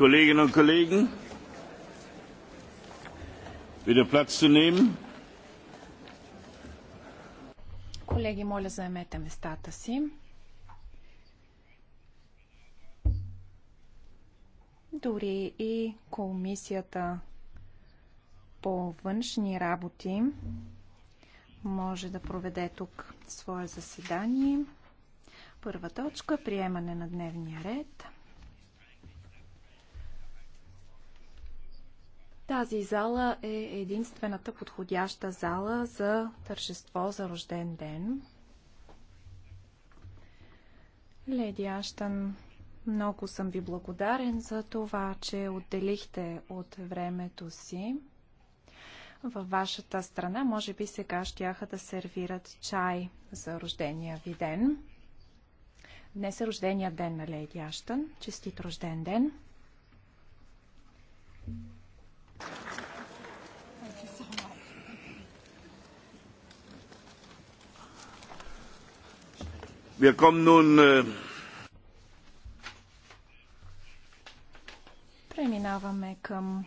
Kolleginnen und Kollegen, bitte Platz zu nehmen. Колеги, моля, заемете местата си. Дори и комисията по външни работи може да проведе тук свое заседание. Първа точка – приемане на дневния ред – Тази зала е единствената подходяща зала за тържество за рожден ден. Леди Аштън, много съм ви благодарен за това, че отделихте от времето си. Във вашата страна, може би сега щяха да сервират чай за рождения ви ден. Днес е рождения ден на Леди Аштън. Честит рожден ден! Wir kommen nun äh, Преминаваме към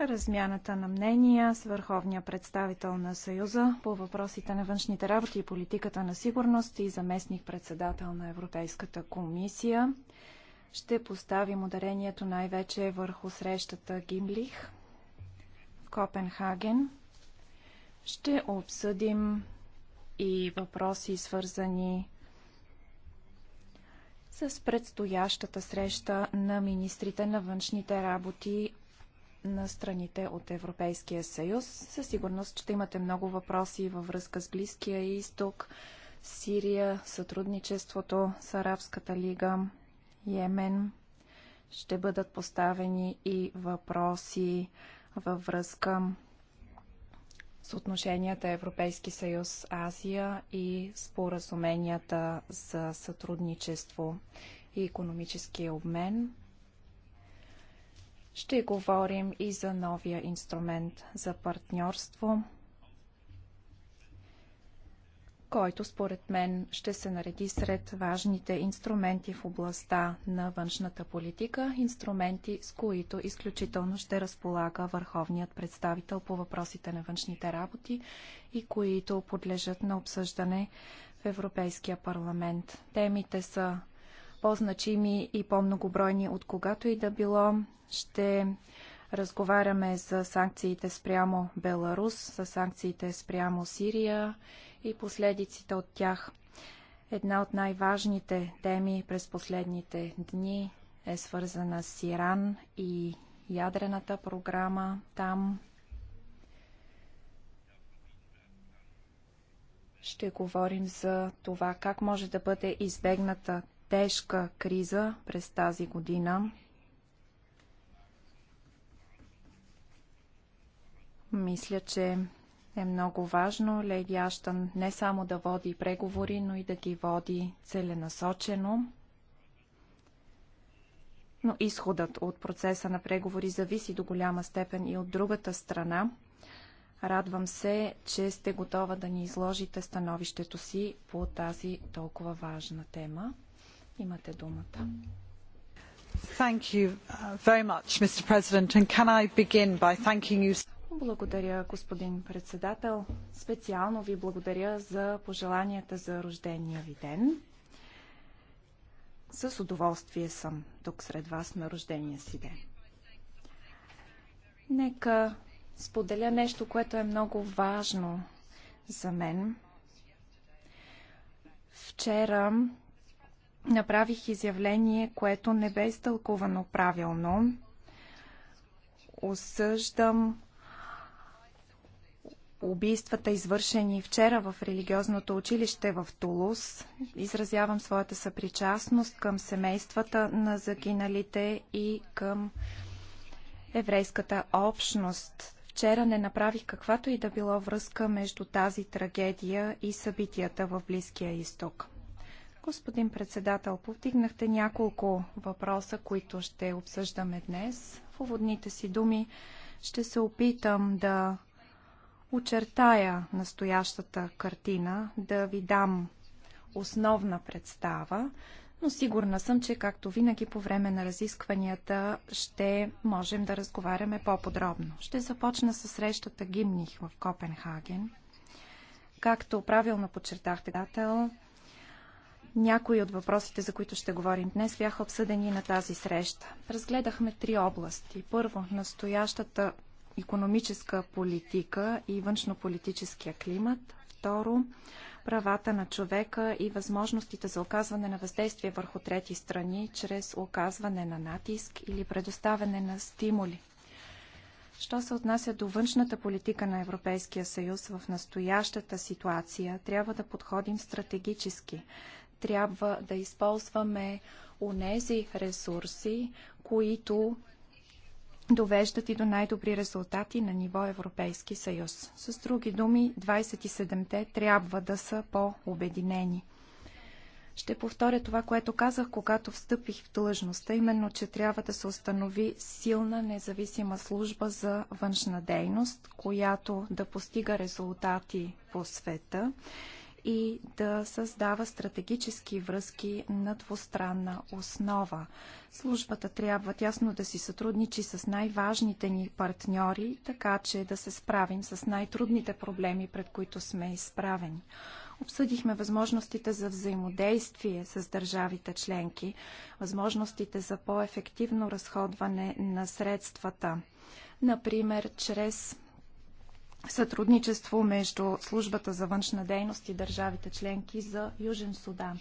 размяната на мнения с върховния представител на Съюза по въпросите на външните работи и политиката на сигурност и заместник председател на Европейската комисия. Ще поставим ударението най-вече върху срещата Гимлих в Копенхаген. Ще обсъдим и въпроси, свързани с предстоящата среща на министрите на външните работи на страните от Европейския съюз. Със сигурност ще имате много въпроси във връзка с Близкия изток, Сирия, сътрудничеството с Арабската лига. Йемен. Ще бъдат поставени и въпроси във връзка с отношенията Европейски съюз Азия и споразуменията за сътрудничество и економически обмен. Ще говорим и за новия инструмент за партньорство който според мен ще се нареди сред важните инструменти в областта на външната политика, инструменти с които изключително ще разполага върховният представител по въпросите на външните работи и които подлежат на обсъждане в Европейския парламент. Темите са по-значими и по-многобройни от когато и да било. Ще разговаряме за санкциите спрямо Беларус, за санкциите спрямо Сирия и последиците от тях. Една от най-важните теми през последните дни е свързана с Иран и ядрената програма там. Ще говорим за това как може да бъде избегната тежка криза през тази година. Мисля, че е много важно Леди Аштън не само да води преговори, но и да ги води целенасочено. Но изходът от процеса на преговори зависи до голяма степен и от другата страна. Радвам се, че сте готова да ни изложите становището си по тази толкова важна тема. Имате думата. Thank you uh, very much, Mr. President, and can I begin by thanking you благодаря, господин председател. Специално ви благодаря за пожеланията за рождения ви ден. С удоволствие съм тук сред вас на рождения си ден. Нека споделя нещо, което е много важно за мен. Вчера направих изявление, което не бе изтълкувано правилно. Осъждам убийствата, извършени вчера в религиозното училище в Тулус. Изразявам своята съпричастност към семействата на загиналите и към еврейската общност. Вчера не направих каквато и да било връзка между тази трагедия и събитията в Близкия изток. Господин председател, повдигнахте няколко въпроса, които ще обсъждаме днес. В уводните си думи ще се опитам да очертая настоящата картина, да ви дам основна представа, но сигурна съм, че както винаги по време на разискванията ще можем да разговаряме по-подробно. Ще започна с срещата Гимних в Копенхаген. Както правилно подчертахте, дател, някои от въпросите, за които ще говорим днес, бяха обсъдени на тази среща. Разгледахме три области. Първо, настоящата економическа политика и външнополитическия климат. Второ, правата на човека и възможностите за оказване на въздействие върху трети страни чрез оказване на натиск или предоставяне на стимули. Що се отнася до външната политика на Европейския съюз в настоящата ситуация, трябва да подходим стратегически. Трябва да използваме унези ресурси, които довеждат и до най-добри резултати на ниво Европейски съюз. С други думи, 27-те трябва да са по-обединени. Ще повторя това, което казах, когато встъпих в длъжността, именно, че трябва да се установи силна независима служба за външна дейност, която да постига резултати по света и да създава стратегически връзки на двустранна основа. Службата трябва тясно да си сътрудничи с най-важните ни партньори, така че да се справим с най-трудните проблеми, пред които сме изправени. Обсъдихме възможностите за взаимодействие с държавите членки, възможностите за по-ефективно разходване на средствата, например чрез сътрудничество между службата за външна дейност и държавите членки за Южен Судан.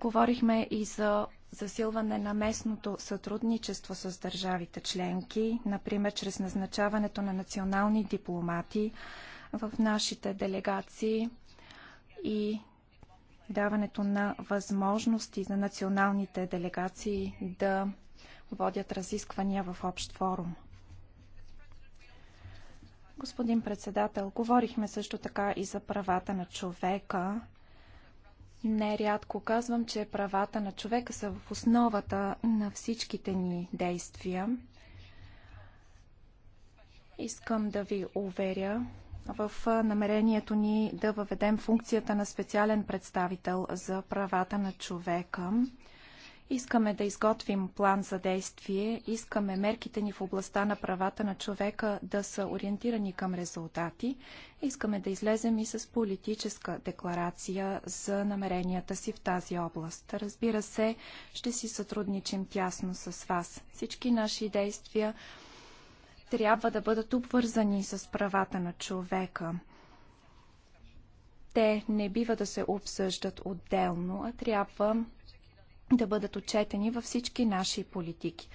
Говорихме и за засилване на местното сътрудничество с държавите членки, например чрез назначаването на национални дипломати в нашите делегации и даването на възможности за националните делегации да водят разисквания в общ форум. Господин председател, говорихме също така и за правата на човека. Нерядко казвам, че правата на човека са в основата на всичките ни действия. Искам да ви уверя в намерението ни да въведем функцията на специален представител за правата на човека. Искаме да изготвим план за действие, искаме мерките ни в областта на правата на човека да са ориентирани към резултати, искаме да излезем и с политическа декларация за намеренията си в тази област. Разбира се, ще си сътрудничим тясно с вас. Всички наши действия трябва да бъдат обвързани с правата на човека. Те не бива да се обсъждат отделно, а трябва да бъдат отчетени във всички наши политики.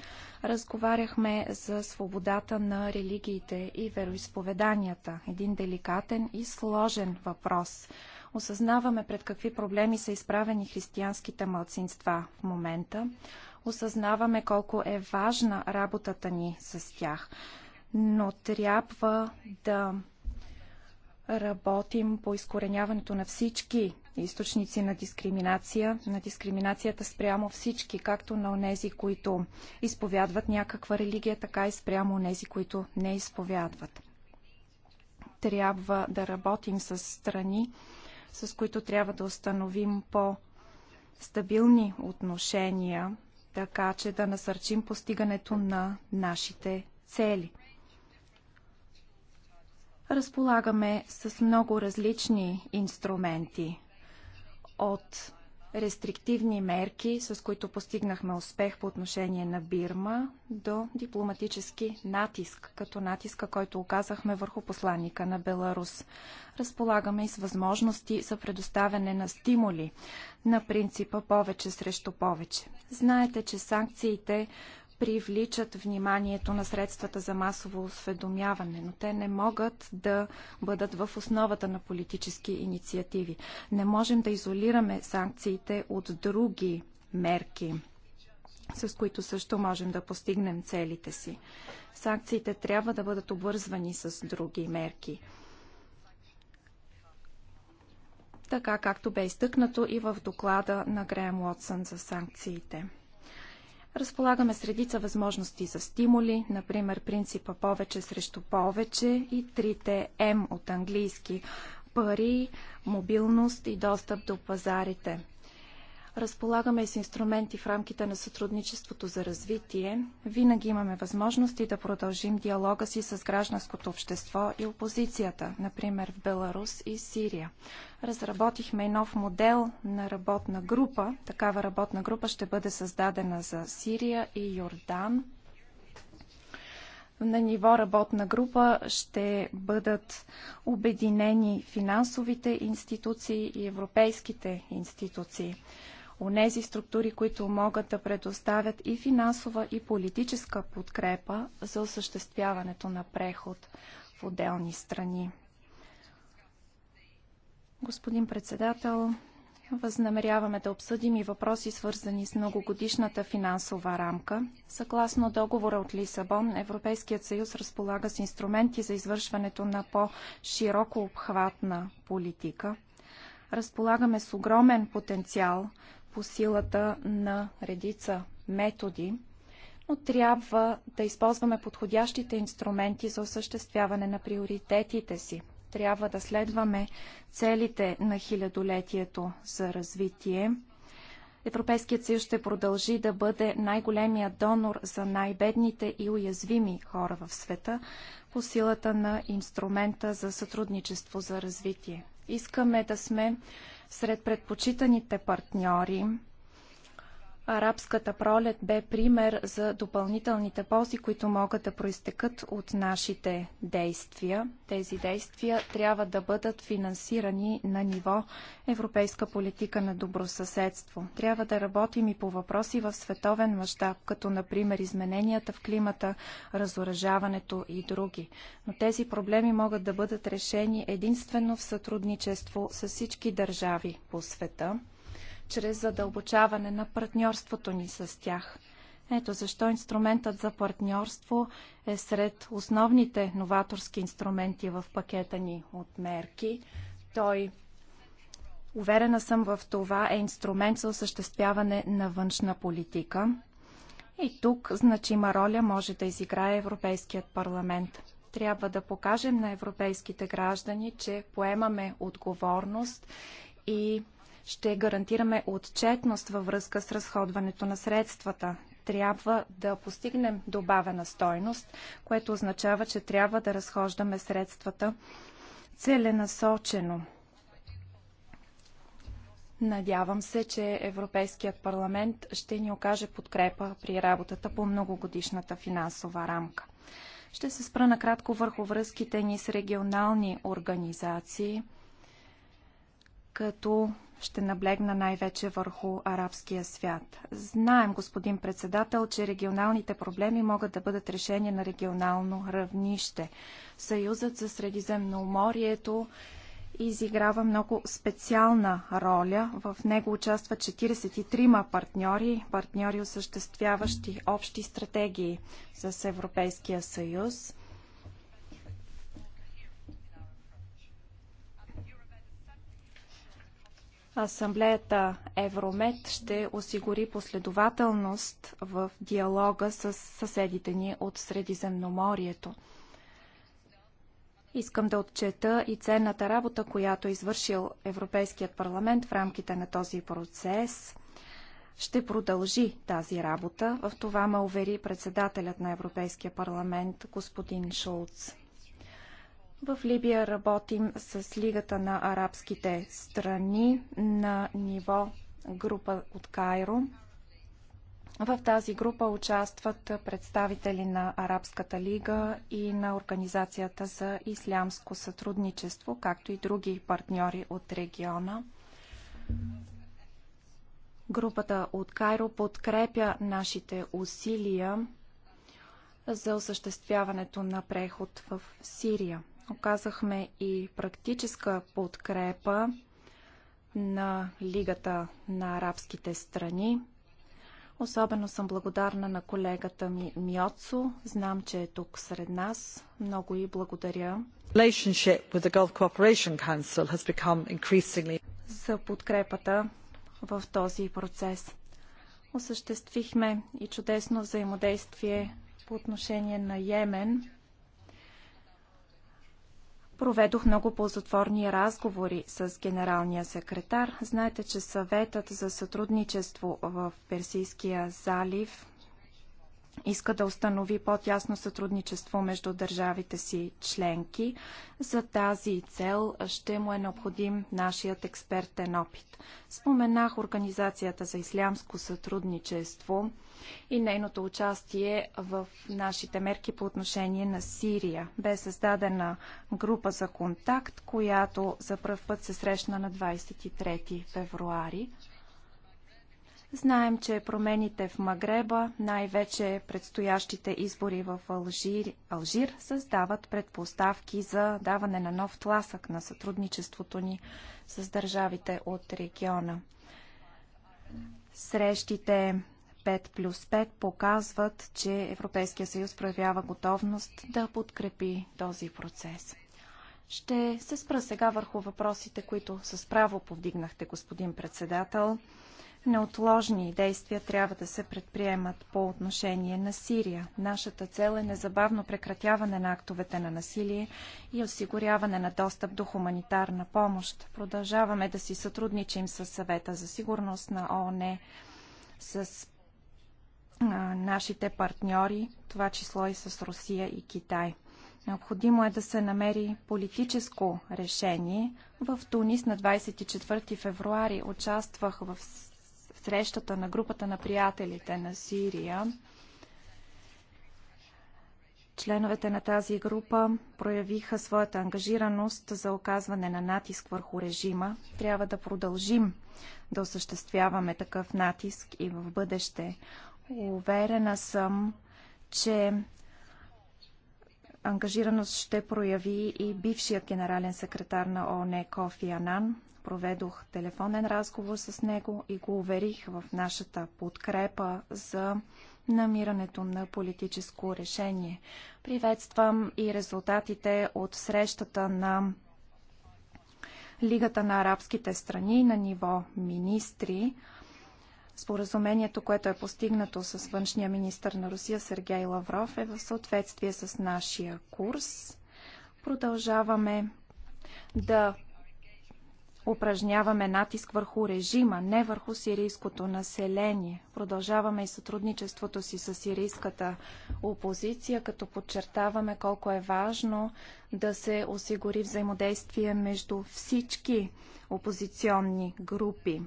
Разговаряхме за свободата на религиите и вероисповеданията. Един деликатен и сложен въпрос. Осъзнаваме пред какви проблеми са изправени християнските мълцинства в момента. Осъзнаваме колко е важна работата ни с тях. Но трябва да Работим по изкореняването на всички източници на дискриминация, на дискриминацията спрямо всички, както на онези, които изповядват някаква религия, така и спрямо онези, които не изповядват. Трябва да работим с страни, с които трябва да установим по-стабилни отношения, така че да насърчим постигането на нашите цели – разполагаме с много различни инструменти от рестриктивни мерки, с които постигнахме успех по отношение на Бирма, до дипломатически натиск, като натиска, който оказахме върху посланника на Беларус. Разполагаме и с възможности за предоставяне на стимули на принципа повече срещу повече. Знаете, че санкциите привличат вниманието на средствата за масово осведомяване, но те не могат да бъдат в основата на политически инициативи. Не можем да изолираме санкциите от други мерки, с които също можем да постигнем целите си. Санкциите трябва да бъдат обвързвани с други мерки така както бе изтъкнато и в доклада на Греем Уотсън за санкциите. Разполагаме с редица възможности за стимули, например принципа повече срещу повече и трите М от английски пари, мобилност и достъп до пазарите. Разполагаме с инструменти в рамките на сътрудничеството за развитие. Винаги имаме възможности да продължим диалога си с гражданското общество и опозицията, например в Беларус и Сирия. Разработихме и нов модел на работна група. Такава работна група ще бъде създадена за Сирия и Йордан. На ниво работна група ще бъдат обединени финансовите институции и европейските институции онези структури, които могат да предоставят и финансова, и политическа подкрепа за осъществяването на преход в отделни страни. Господин председател, Възнамеряваме да обсъдим и въпроси, свързани с многогодишната финансова рамка. Съгласно договора от Лисабон, Европейският съюз разполага с инструменти за извършването на по-широко обхватна политика. Разполагаме с огромен потенциал по силата на редица методи, но трябва да използваме подходящите инструменти за осъществяване на приоритетите си. Трябва да следваме целите на хилядолетието за развитие. Европейският съюз ще продължи да бъде най-големия донор за най-бедните и уязвими хора в света по силата на инструмента за сътрудничество за развитие. Искаме да сме сред предпочитаните партньори Арабската пролет бе пример за допълнителните ползи, които могат да проистекат от нашите действия. Тези действия трябва да бъдат финансирани на ниво европейска политика на добросъседство. Трябва да работим и по въпроси в световен мащаб, като например измененията в климата, разоръжаването и други. Но тези проблеми могат да бъдат решени единствено в сътрудничество с всички държави по света чрез задълбочаване на партньорството ни с тях. Ето защо инструментът за партньорство е сред основните новаторски инструменти в пакета ни от мерки. Той, уверена съм в това, е инструмент за осъществяване на външна политика. И тук значима роля може да изиграе Европейският парламент. Трябва да покажем на европейските граждани, че поемаме отговорност и ще гарантираме отчетност във връзка с разходването на средствата. Трябва да постигнем добавена стойност, което означава, че трябва да разхождаме средствата целенасочено. Надявам се, че Европейският парламент ще ни окаже подкрепа при работата по многогодишната финансова рамка. Ще се спра накратко върху връзките ни с регионални организации, като ще наблегна най-вече върху арабския свят. Знаем, господин председател, че регионалните проблеми могат да бъдат решени на регионално равнище. Съюзът за Средиземноморието изиграва много специална роля. В него участват 43 партньори, партньори, осъществяващи общи стратегии с Европейския съюз. Асамблеята Евромед ще осигури последователност в диалога с съседите ни от Средиземноморието. Искам да отчета и ценната работа, която е извършил Европейският парламент в рамките на този процес. Ще продължи тази работа. В това ме увери председателят на Европейския парламент господин Шулц. В Либия работим с Лигата на арабските страни на ниво група от Кайро. В тази група участват представители на Арабската лига и на Организацията за ислямско сътрудничество, както и други партньори от региона. Групата от Кайро подкрепя нашите усилия за осъществяването на преход в Сирия. Оказахме и практическа подкрепа на Лигата на арабските страни. Особено съм благодарна на колегата ми Мьоцо. Знам, че е тук сред нас. Много и благодаря. Increasingly... За подкрепата в този процес. Осъществихме и чудесно взаимодействие по отношение на Йемен. Проведох много ползотворни разговори с генералния секретар. Знаете, че съветът за сътрудничество в Персийския залив иска да установи по-тясно сътрудничество между държавите си членки. За тази цел ще му е необходим нашият експертен опит. Споменах Организацията за ислямско сътрудничество – и нейното участие в нашите мерки по отношение на Сирия. Бе създадена група за контакт, която за първ път се срещна на 23 февруари. Знаем, че промените в Магреба, най-вече предстоящите избори в Алжир, Алжир, създават предпоставки за даване на нов тласък на сътрудничеството ни с държавите от региона. Срещите 5 плюс 5 показват, че Европейския съюз проявява готовност да подкрепи този процес. Ще се спра сега върху въпросите, които с право повдигнахте, господин председател. Неотложни действия трябва да се предприемат по отношение на Сирия. Нашата цел е незабавно прекратяване на актовете на насилие и осигуряване на достъп до хуманитарна помощ. Продължаваме да си сътрудничим с съвета за сигурност на ООН с нашите партньори, това число и с Русия и Китай. Необходимо е да се намери политическо решение. В Тунис на 24 февруари участвах в срещата на групата на приятелите на Сирия. Членовете на тази група проявиха своята ангажираност за оказване на натиск върху режима. Трябва да продължим да осъществяваме такъв натиск и в бъдеще и уверена съм, че ангажираност ще прояви и бившият генерален секретар на ООН Кофи Анан. Проведох телефонен разговор с него и го уверих в нашата подкрепа за намирането на политическо решение. Приветствам и резултатите от срещата на Лигата на арабските страни на ниво министри – Споразумението, което е постигнато с външния министр на Русия Сергей Лавров е в съответствие с нашия курс. Продължаваме да упражняваме натиск върху режима, не върху сирийското население. Продължаваме и сътрудничеството си с сирийската опозиция, като подчертаваме колко е важно да се осигури взаимодействие между всички опозиционни групи.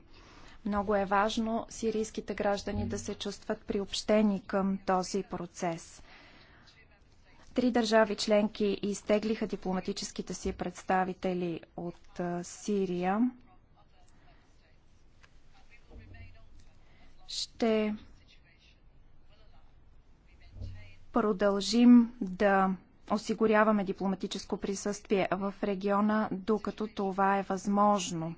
Много е важно сирийските граждани да се чувстват приобщени към този процес. Три държави членки изтеглиха дипломатическите си представители от Сирия. Ще продължим да осигуряваме дипломатическо присъствие в региона, докато това е възможно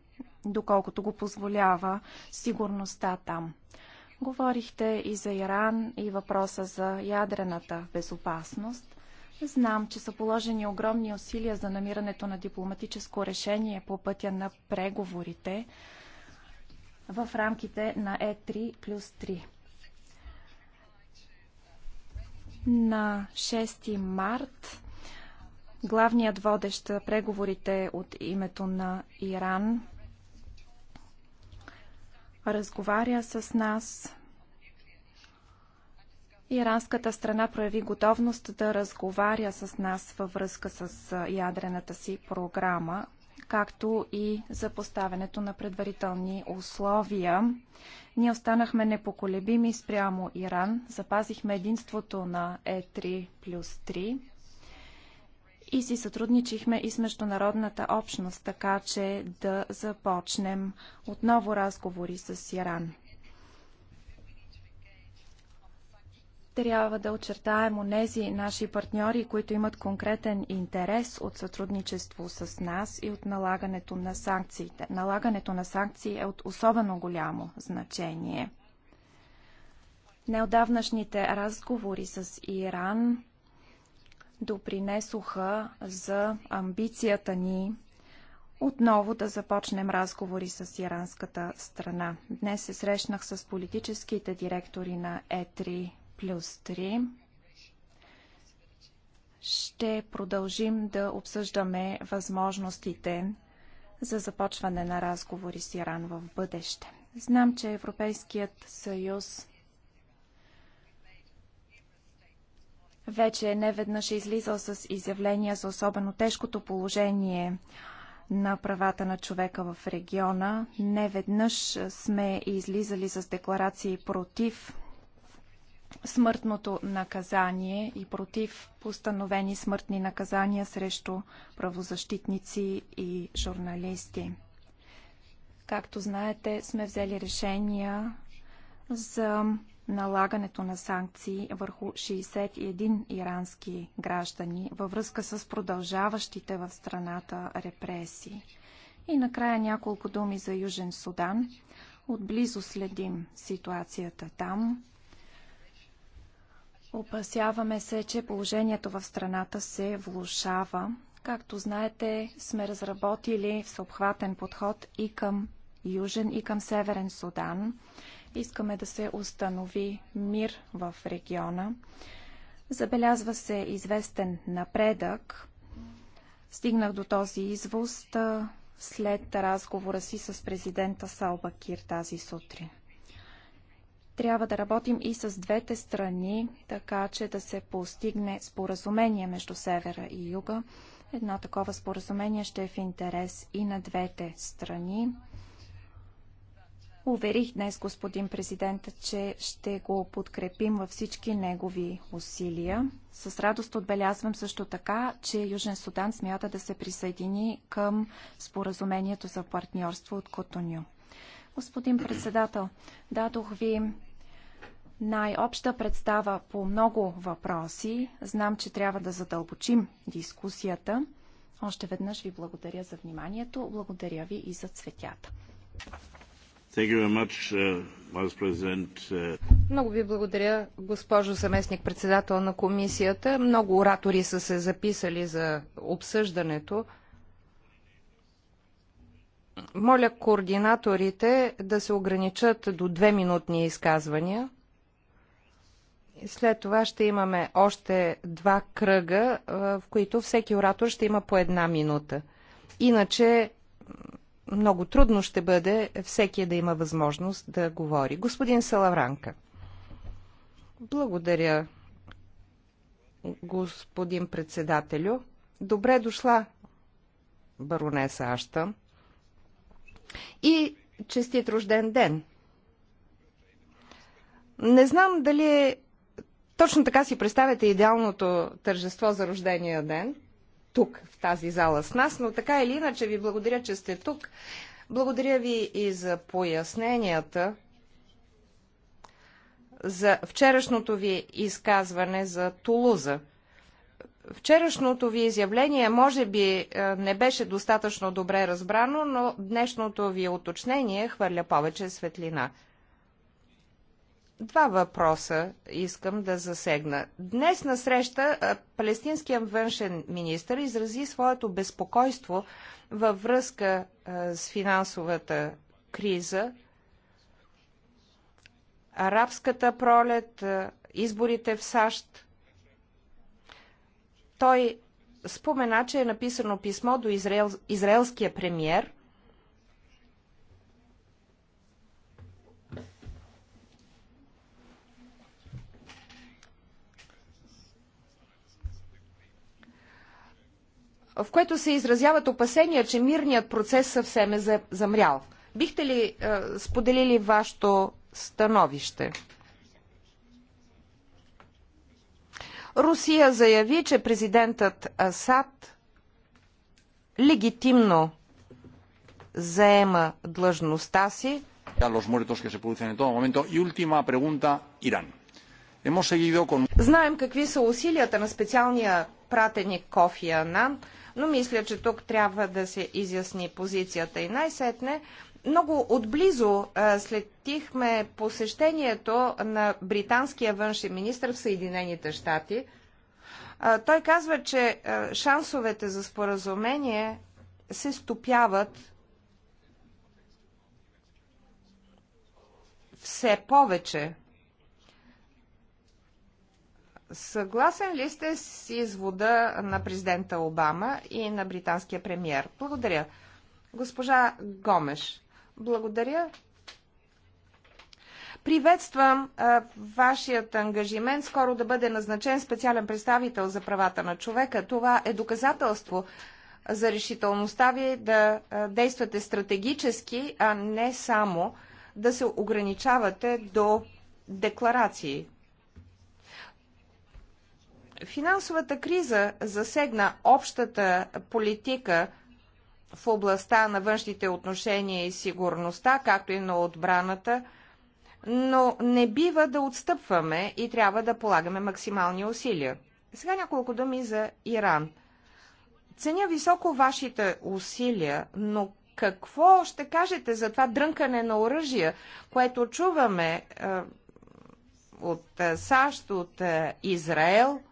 доколкото го позволява сигурността там. Говорихте и за Иран и въпроса за ядрената безопасност. Знам, че са положени огромни усилия за намирането на дипломатическо решение по пътя на преговорите в рамките на Е3 плюс 3. На 6 март главният водещ преговорите от името на Иран разговаря с нас. Иранската страна прояви готовност да разговаря с нас във връзка с ядрената си програма, както и за поставянето на предварителни условия. Ние останахме непоколебими спрямо Иран, запазихме единството на Е3 плюс 3 и си сътрудничихме и с международната общност, така че да започнем отново разговори с Иран. трябва да очертаем онези наши партньори, които имат конкретен интерес от сътрудничество с нас и от налагането на санкциите. Налагането на санкции е от особено голямо значение. Неодавнашните разговори с Иран допринесоха за амбицията ни отново да започнем разговори с иранската страна. Днес се срещнах с политическите директори на Е3 плюс 3. Ще продължим да обсъждаме възможностите за започване на разговори с Иран в бъдеще. Знам, че Европейският съюз вече веднъж е излизал с изявления за особено тежкото положение на правата на човека в региона. Неведнъж сме излизали с декларации против смъртното наказание и против постановени смъртни наказания срещу правозащитници и журналисти. Както знаете, сме взели решения за налагането на санкции върху 61 ирански граждани във връзка с продължаващите в страната репресии. И накрая няколко думи за Южен Судан. Отблизо следим ситуацията там. Опасяваме се, че положението в страната се влушава. Както знаете, сме разработили всеобхватен подход и към Южен, и към Северен Судан. Искаме да се установи мир в региона. Забелязва се известен напредък. Стигнах до този извоз след разговора си с президента Салба Кир тази сутрин. Трябва да работим и с двете страни, така че да се постигне споразумение между севера и юга. Едно такова споразумение ще е в интерес и на двете страни. Уверих днес господин президента, че ще го подкрепим във всички негови усилия. С радост отбелязвам също така, че Южен Судан смята да се присъедини към споразумението за партньорство от Котоню. Господин председател, дадох ви най-обща представа по много въпроси. Знам, че трябва да задълбочим дискусията. Още веднъж ви благодаря за вниманието, благодаря ви и за цветята. Uh, uh, Много ви благодаря, госпожо съместник председател на комисията. Много оратори са се записали за обсъждането. Моля координаторите да се ограничат до две минутни изказвания. След това ще имаме още два кръга, в които всеки оратор ще има по една минута. Иначе много трудно ще бъде всеки да има възможност да говори. Господин Салавранка. Благодаря, господин председателю. Добре дошла, баронеса Ашта. И честит рожден ден. Не знам дали точно така си представяте идеалното тържество за рождения ден – тук, в тази зала с нас, но така или иначе ви благодаря, че сте тук. Благодаря ви и за поясненията за вчерашното ви изказване за Тулуза. Вчерашното ви изявление може би е, не беше достатъчно добре разбрано, но днешното ви уточнение хвърля повече светлина. Два въпроса искам да засегна. Днес на среща палестинският външен министр изрази своето безпокойство във връзка с финансовата криза, арабската пролет, изборите в САЩ. Той спомена, че е написано писмо до израел, израелския премьер – в което се изразяват опасения, че мирният процес съвсем е замрял. Бихте ли е, споделили вашето становище? Русия заяви, че президентът Асад легитимно заема длъжността си. Знаем какви са усилията на специалния пратеник Кофи Анан – но мисля, че тук трябва да се изясни позицията. И най-сетне, много отблизо следихме посещението на британския външен министр в Съединените щати. Той казва, че шансовете за споразумение се стопяват все повече. Съгласен ли сте с извода на президента Обама и на британския премьер? Благодаря. Госпожа Гомеш, благодаря. Приветствам а, вашият ангажимент скоро да бъде назначен специален представител за правата на човека. Това е доказателство за решителността ви да а, действате стратегически, а не само да се ограничавате до декларации. Финансовата криза засегна общата политика в областта на външните отношения и сигурността, както и на отбраната, но не бива да отстъпваме и трябва да полагаме максимални усилия. Сега няколко думи за Иран. Ценя високо вашите усилия, но какво ще кажете за това дрънкане на оръжия, което чуваме е, от е, САЩ, от е, Израел –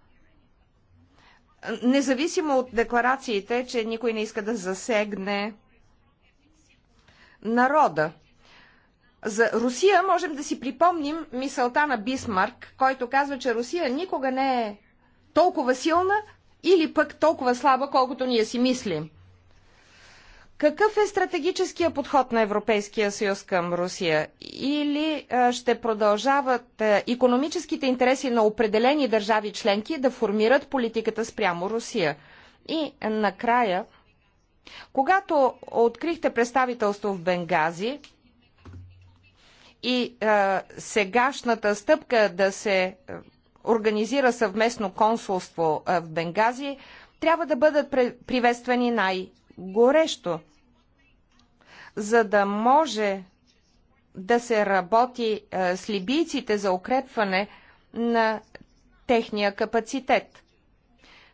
Независимо от декларациите, че никой не иска да засегне народа. За Русия можем да си припомним мисълта на Бисмарк, който казва, че Русия никога не е толкова силна или пък толкова слаба, колкото ние си мислим. Какъв е стратегическия подход на Европейския съюз към Русия? Или ще продължават економическите интереси на определени държави членки да формират политиката спрямо Русия? И накрая, когато открихте представителство в Бенгази и а, сегашната стъпка да се организира съвместно консулство в Бенгази, трябва да бъдат приветствани най- горещо, за да може да се работи е, с либийците за укрепване на техния капацитет.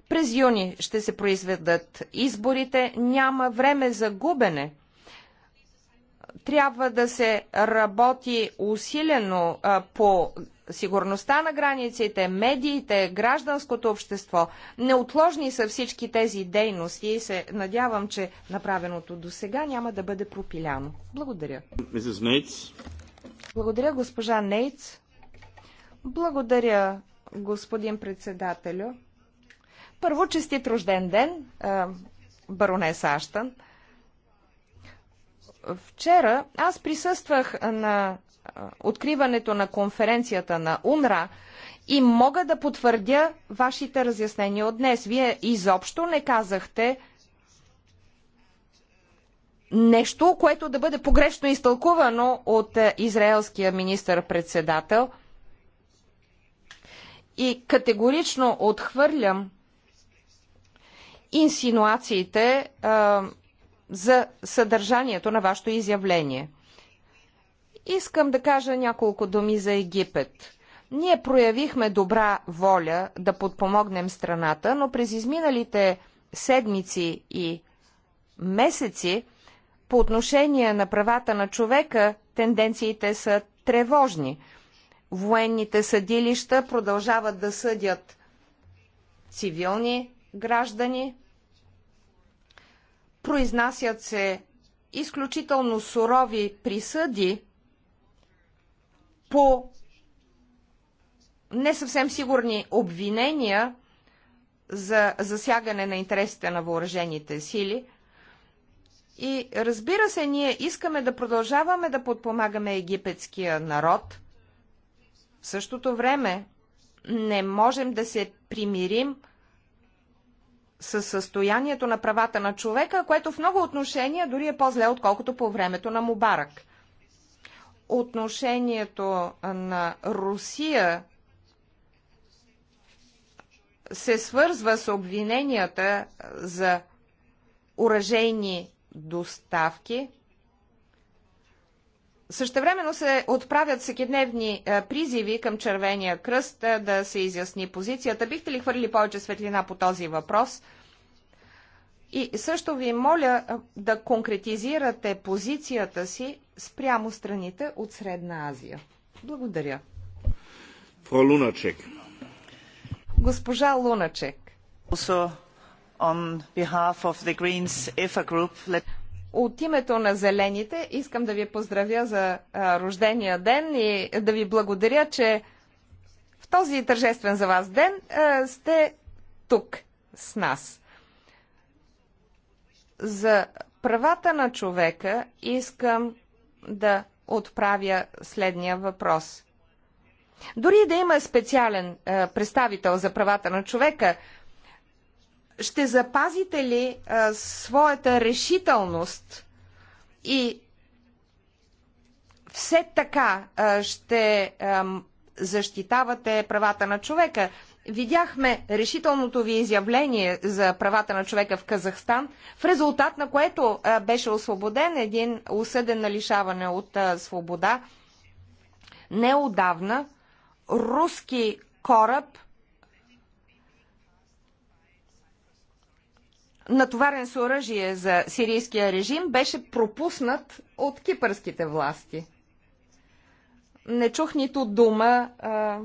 През юни ще се произведат изборите, няма време за губене – трябва да се работи усилено по сигурността на границите, медиите, гражданското общество. Неотложни са всички тези дейности и се надявам, че направеното до сега няма да бъде пропиляно. Благодаря. Благодаря, госпожа Нейц. Благодаря, господин председателю. Първо, честит рожден ден, баронеса Аштън. Вчера аз присъствах на откриването на конференцията на УНРА и мога да потвърдя вашите разяснения от днес. Вие изобщо не казахте нещо, което да бъде погрешно изтълкувано от израелския министър-председател. И категорично отхвърлям инсинуациите за съдържанието на вашето изявление. Искам да кажа няколко думи за Египет. Ние проявихме добра воля да подпомогнем страната, но през изминалите седмици и месеци по отношение на правата на човека тенденциите са тревожни. Военните съдилища продължават да съдят цивилни граждани, произнасят се изключително сурови присъди по не съвсем сигурни обвинения за засягане на интересите на въоръжените сили. И разбира се, ние искаме да продължаваме да подпомагаме египетския народ. В същото време не можем да се примирим със състоянието на правата на човека, което в много отношения дори е по-зле, отколкото по времето на Мубарак. Отношението на Русия се свързва с обвиненията за уражейни доставки – Същевременно се отправят всекидневни е, призиви към Червения кръст е, да се изясни позицията. Бихте ли хвърли повече светлина по този въпрос? И също ви моля е, да конкретизирате позицията си спрямо страните от Средна Азия. Благодаря. Фро Луначек. Госпожа Луначек. От името на Зелените искам да ви поздравя за рождения ден и да ви благодаря, че в този тържествен за вас ден сте тук с нас. За правата на човека искам да отправя следния въпрос. Дори да има специален представител за правата на човека, ще запазите ли а, своята решителност и все така а, ще а, защитавате правата на човека? Видяхме решителното ви изявление за правата на човека в Казахстан, в резултат на което а, беше освободен един осъден на лишаване от а, свобода неодавна руски кораб – натоварен с оръжие за сирийския режим, беше пропуснат от кипърските власти. Не чух нито дума, а,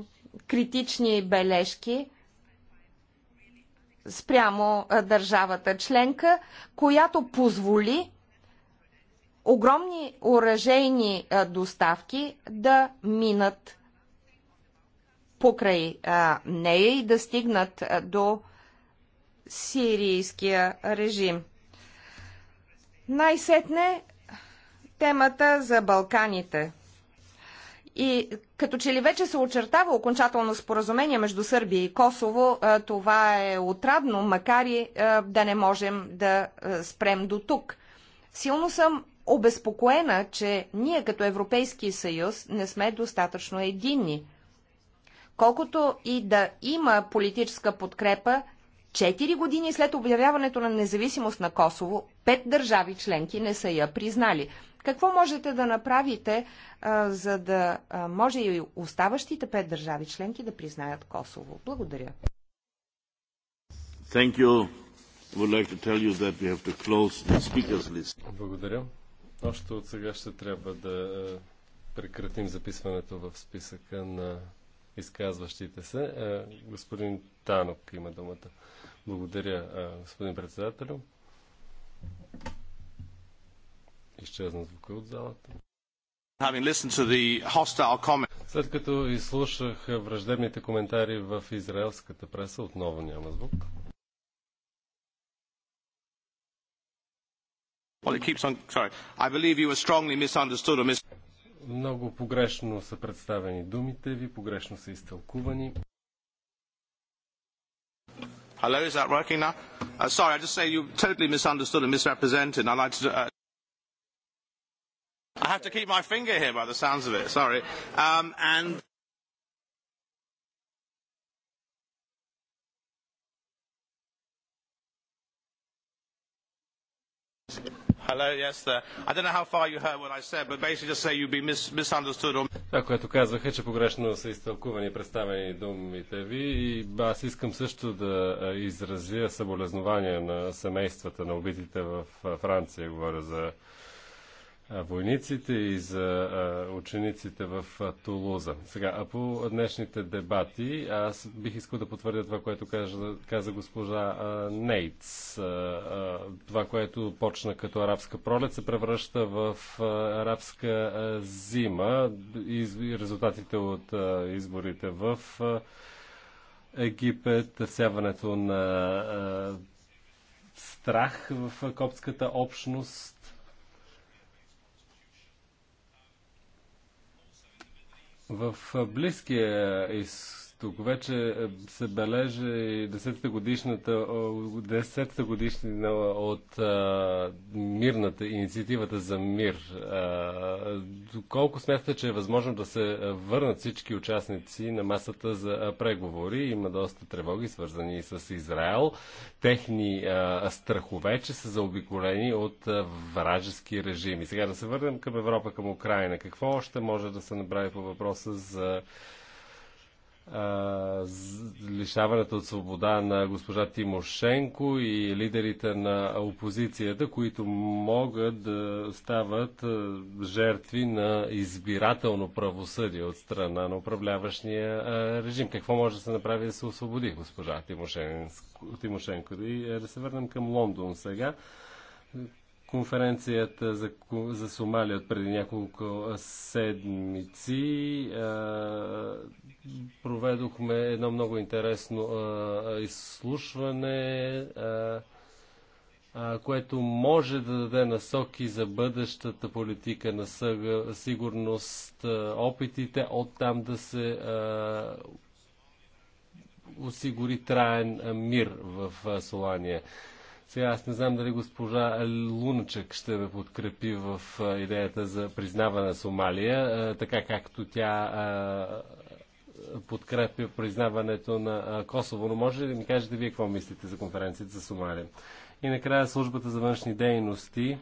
критични бележки спрямо а, държавата членка, която позволи огромни оръжейни доставки да минат покрай а, нея и да стигнат а, до сирийския режим. Най-сетне темата за Балканите. И като че ли вече се очертава окончателно споразумение между Сърбия и Косово, това е отрадно, макар и да не можем да спрем до тук. Силно съм обезпокоена, че ние като Европейски съюз не сме достатъчно единни. Колкото и да има политическа подкрепа, Четири години след обявяването на независимост на Косово, пет държави членки не са я признали. Какво можете да направите, а, за да а, може и оставащите пет държави членки да признаят Косово? Благодаря. Thank you. Благодаря. Още от сега ще трябва да прекратим записването в списъка на изказващите се. Господин Танок има думата. Благодаря, господин председател. Изчезна звука от залата. След като изслушах враждебните коментари в израелската преса, отново няма звук. Много погрешно са представени думите ви, погрешно са изтълкувани. Hello, is that working now? Uh, sorry, I just say you totally misunderstood and misrepresented. I'd like to. Uh, I have to keep my finger here by the sounds of it, sorry. Um, and Hello, yes, there. I don't know how far you heard what I said, but basically just say you've been mis- misunderstood or... Това, което казваха, че погрешно са изтълкувани и представени думите ви и аз искам също да изразя съболезнования на семействата на убитите в Франция. Говоря за войниците и за учениците в Тулуза. Сега, а по днешните дебати, аз бих искал да потвърдя това, което каза, каза госпожа Нейтс. Това, което почна като арабска пролет, се превръща в арабска зима и резултатите от изборите в Египет, всяването на страх в коптската общност В Близкия из... Тук вече е, се бележи 10-та годишната, 10-та от а, мирната инициативата за мир. А, колко смятате, че е възможно да се върнат всички участници на масата за преговори? Има доста тревоги, свързани с Израел. Техни а, страхове, че са заобиколени от а, вражески режими. Сега да се върнем към Европа, към Украина. Какво още може да се направи по въпроса за лишаването от свобода на госпожа Тимошенко и лидерите на опозицията, които могат да стават жертви на избирателно правосъдие от страна на управляващия режим. Какво може да се направи да се освободи госпожа Тимошенко? И е, да се върнем към Лондон сега конференцията за, за Сомалия от преди няколко седмици проведохме едно много интересно а, изслушване, а, а, което може да даде насоки за бъдещата политика на сигурност, а, опитите там да се а, осигури траен мир в а, Солания. Сега аз не знам дали госпожа Луначък ще ме подкрепи в идеята за признаване на Сомалия, така както тя подкрепя признаването на Косово, но може ли да ми кажете вие какво мислите за конференцията за Сомалия? И накрая службата за външни дейности.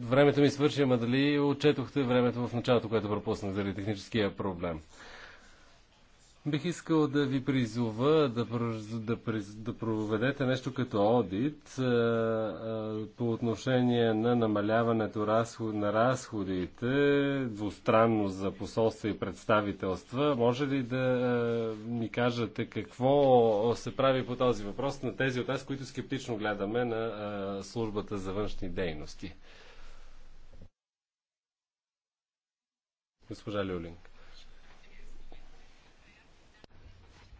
Времето ми свърши, ама дали отчетохте времето в началото, което пропуснах заради техническия проблем? Бих искал да ви призова да, да, да проведете нещо като одит а, е, а, е, по отношение на намаляването разход, на разходите двустранно за посолства и представителства. Може ли да а, е, ми кажете какво се прави по този въпрос на тези от нас, които скептично гледаме на а, службата за външни дейности? Госпожа Люлинг.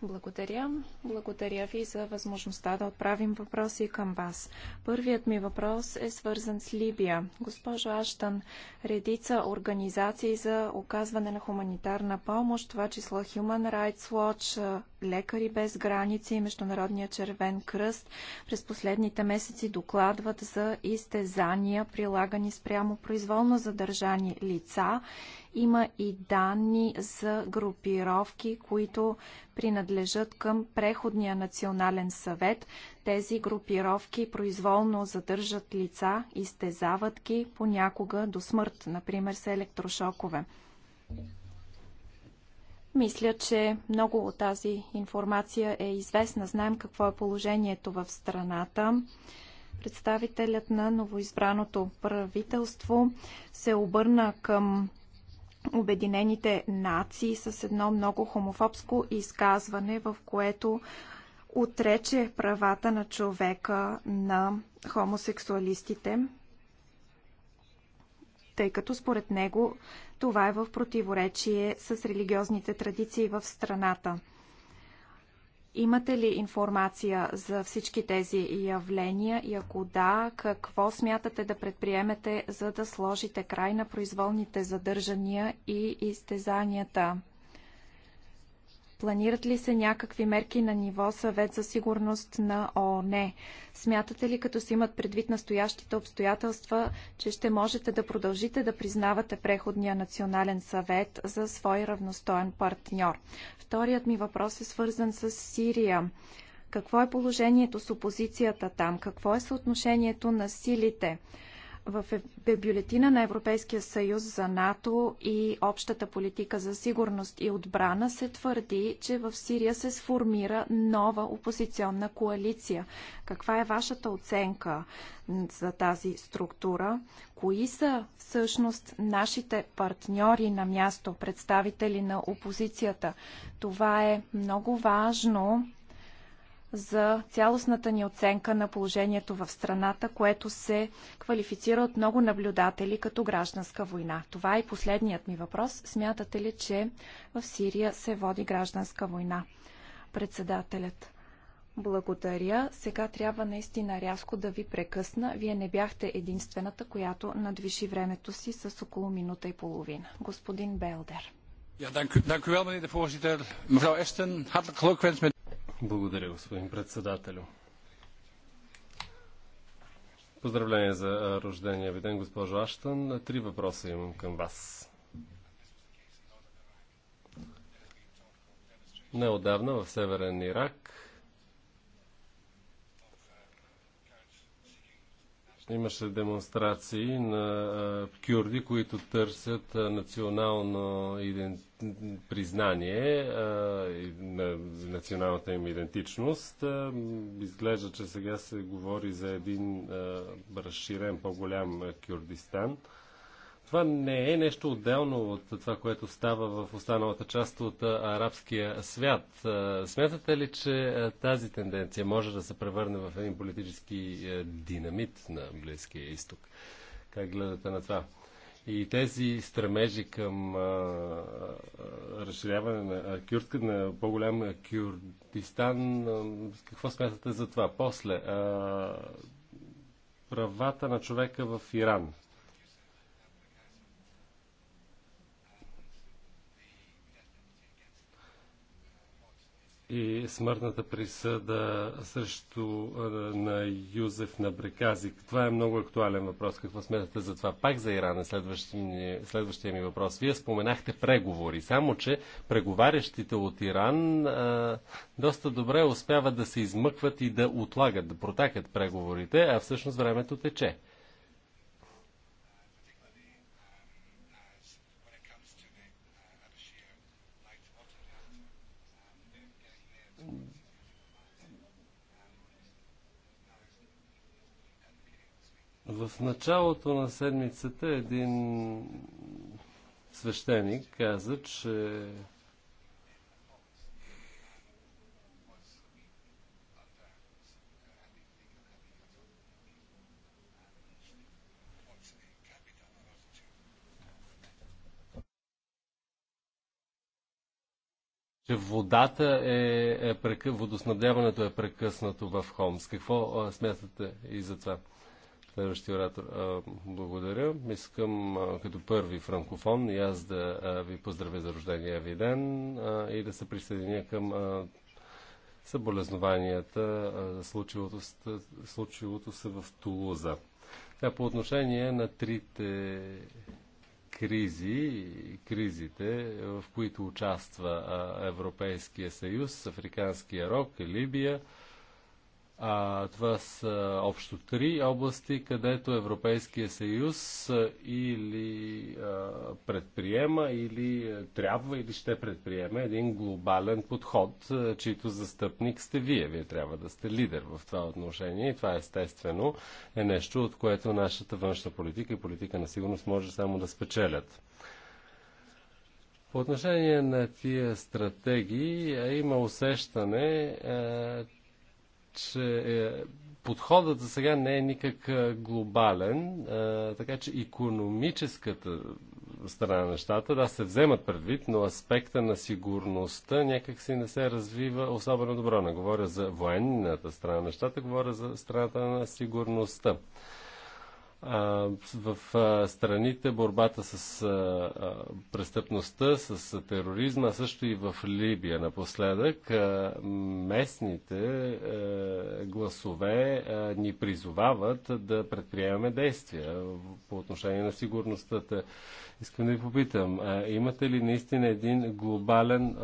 Благодаря. Благодаря ви за възможността да отправим въпроси към вас. Първият ми въпрос е свързан с Либия. Госпожо Аштан, редица организации за оказване на хуманитарна помощ, това число Human Rights Watch, Лекари без граници и Международния червен кръст през последните месеци докладват за изтезания, прилагани спрямо произволно задържани лица. Има и данни за групировки, които принадлежат към Преходния национален съвет. Тези групировки произволно задържат лица, изтезават ги понякога до смърт, например с електрошокове. Мисля, че много от тази информация е известна. Знаем какво е положението в страната. Представителят на новоизбраното правителство се обърна към Обединените нации с едно много хомофобско изказване, в което отрече правата на човека на хомосексуалистите, тъй като според него това е в противоречие с религиозните традиции в страната. Имате ли информация за всички тези явления и ако да, какво смятате да предприемете, за да сложите край на произволните задържания и изтезанията? Планират ли се някакви мерки на ниво съвет за сигурност на ООН? Смятате ли, като се имат предвид настоящите обстоятелства, че ще можете да продължите да признавате Преходния национален съвет за свой равностоен партньор? Вторият ми въпрос е свързан с Сирия. Какво е положението с опозицията там? Какво е съотношението на силите? В е, бюлетина на Европейския съюз за НАТО и общата политика за сигурност и отбрана се твърди, че в Сирия се сформира нова опозиционна коалиция. Каква е вашата оценка за тази структура? Кои са всъщност нашите партньори на място, представители на опозицията? Това е много важно за цялостната ни оценка на положението в страната, което се квалифицира от много наблюдатели като гражданска война. Това е последният ми въпрос. Смятате ли, че в Сирия се води гражданска война? Председателят. Благодаря. Сега трябва наистина рязко да ви прекъсна. Вие не бяхте единствената, която надвиши времето си с около минута и половина. Господин Белдер. Ja, dank u, dank u wel, meneer de voorzitter. Mevrouw Esten, hartelijk met благодаря, господин председателю. Поздравление за рождения ви ден, госпожо Аштън. Три въпроса имам към вас. Неодавна в Северен Ирак имаше демонстрации на кюрди, които търсят национално идентичност признание а, на националната им идентичност. А, изглежда, че сега се говори за един а, разширен, по-голям Кюрдистан. Това не е нещо отделно от това, което става в останалата част от арабския свят. Смятате ли, че тази тенденция може да се превърне в един политически динамит на Близкия изток? Как гледате на това? И тези стремежи към а, разширяване на, кюртка, на по-голям Кюрдистан, а, какво смятате за това? После, а, правата на човека в Иран. и смъртната присъда срещу на Юзеф Набреказик. Това е много актуален въпрос. Какво смятате за това? Пак за Иран е следващия, следващия ми въпрос. Вие споменахте преговори, само че преговарящите от Иран а, доста добре успяват да се измъкват и да отлагат, да протакат преговорите, а всъщност времето тече. В началото на седмицата един свещеник каза, че че водата е, е прекъ... водоснабдяването е прекъснато в Холмс. Какво а, смятате и за това? Следващия оратор. Благодаря. Искам като първи франкофон и аз да ви поздравя за рождения ви ден и да се присъединя към съболезнованията за случилото, случилото се в Тулуза. Тя по отношение на трите кризи, кризите, в които участва Европейския съюз, Африканския рок, Либия – а, това са общо три области, където Европейския съюз или а, предприема, или трябва, или ще предприеме един глобален подход, чийто застъпник сте вие. Вие трябва да сте лидер в това отношение и това естествено е нещо, от което нашата външна политика и политика на сигурност може само да спечелят. По отношение на тия стратегии е, има усещане, е, че е, подходът за сега не е никак е, глобален, е, така че економическата страна на нещата, да, се вземат предвид, но аспекта на сигурността някак си не се развива особено добро. Не говоря за военната страна на нещата, говоря за страната на сигурността в страните борбата с престъпността, с тероризма, също и в Либия напоследък. Местните гласове ни призовават да предприемаме действия по отношение на сигурността. Искам да ви попитам, имате ли наистина един глобален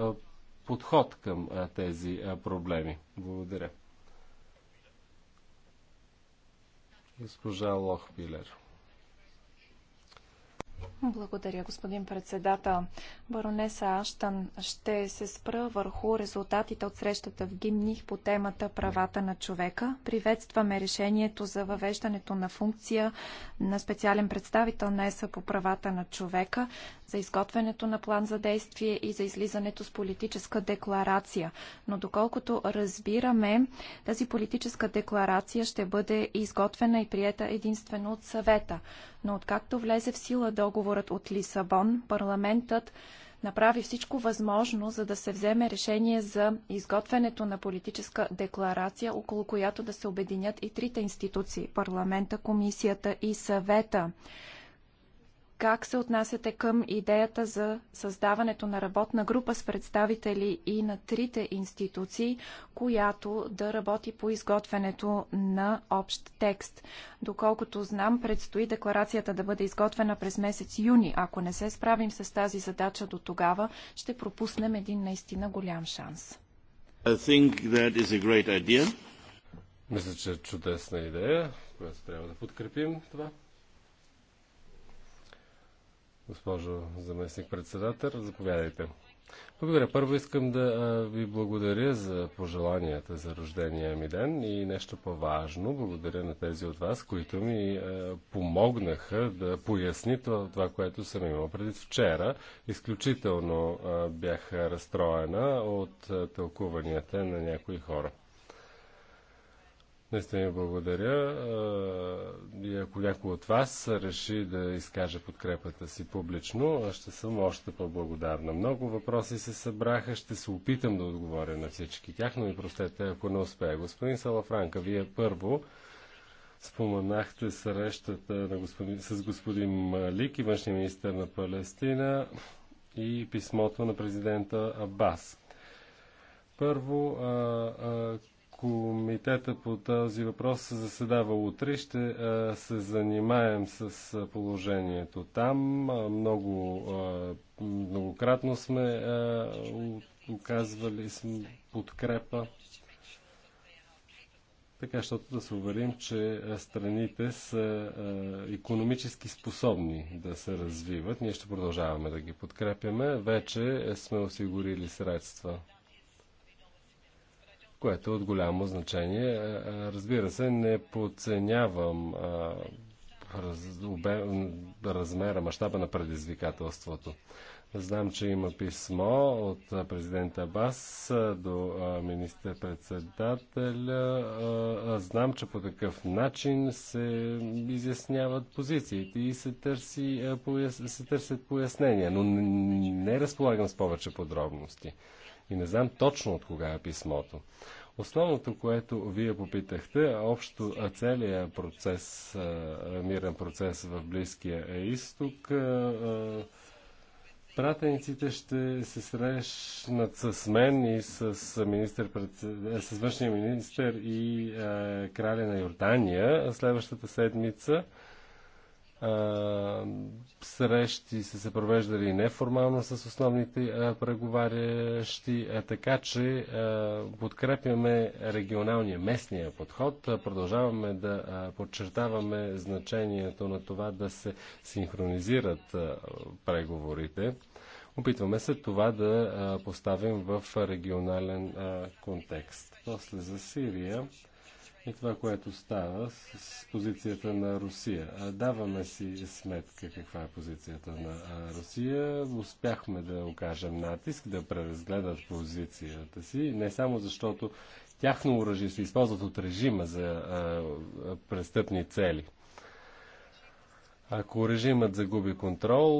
подход към тези проблеми? Благодаря. Госпожа Лохпилер. Благодаря, господин председател. Баронеса Аштан, ще се спра върху резултатите от срещата в Гимних по темата правата на човека. Приветстваме решението за въвеждането на функция на специален представител на ЕСА по правата на човека за изготвянето на план за действие и за излизането с политическа декларация. Но доколкото разбираме, тази политическа декларация ще бъде изготвена и приета единствено от съвета. Но откакто влезе в сила до договорът от Лисабон, парламентът направи всичко възможно, за да се вземе решение за изготвянето на политическа декларация, около която да се обединят и трите институции парламента, комисията и съвета. Как се отнасяте към идеята за създаването на работна група с представители и на трите институции, която да работи по изготвянето на общ текст? Доколкото знам, предстои декларацията да бъде изготвена през месец юни. Ако не се справим с тази задача до тогава, ще пропуснем един наистина голям шанс. Мисля, че е чудесна идея, която трябва да подкрепим това госпожо заместник-председател. Заповядайте. Благодаря. Първо искам да ви благодаря за пожеланията за рождения ми ден и нещо по-важно. Благодаря на тези от вас, които ми помогнаха да поясни това, което съм имал. Преди вчера изключително бях разстроена от тълкуванията на някои хора. Наистина ви благодаря. И ако някой от вас реши да изкаже подкрепата си публично, ще съм още по-благодарна. Много въпроси се събраха, ще се опитам да отговоря на всички тях, но ми простете, ако не успея. Господин Салафранка, вие първо споменахте срещата на господин, с господин Малик и външния министр на Палестина и писмото на президента Абас. Първо, а, а, Комитета по този въпрос се заседава утре. Ще се занимаем с положението там. Много многократно сме оказвали подкрепа. Така, защото да се уверим, че страните са економически способни да се развиват. Ние ще продължаваме да ги подкрепяме. Вече сме осигурили средства което е от голямо значение. Е, е, разбира се, не подценявам е, раз, размера, мащаба на предизвикателството. Знам, че има писмо от президента Бас до министър-председателя. Знам, че по такъв начин се изясняват позициите и се, търси, се търсят пояснения, но не разполагам с повече подробности и не знам точно от кога е писмото. Основното, което вие попитахте, е общо целият процес, мирен процес в Близкия е изток, пратениците ще се срещнат с мен и с, министр, е, с външния министр и краля на Йордания следващата седмица срещи са се провеждали неформално с основните преговарящи, така че подкрепяме регионалния, местния подход. Продължаваме да подчертаваме значението на това да се синхронизират преговорите. Опитваме се това да поставим в регионален контекст. После за Сирия е това, което става с позицията на Русия. Даваме си сметка каква е позицията на Русия. Успяхме да окажем натиск, да преразгледат позицията си, не само защото тяхно оръжие се използват от режима за престъпни цели. Ако режимът загуби контрол,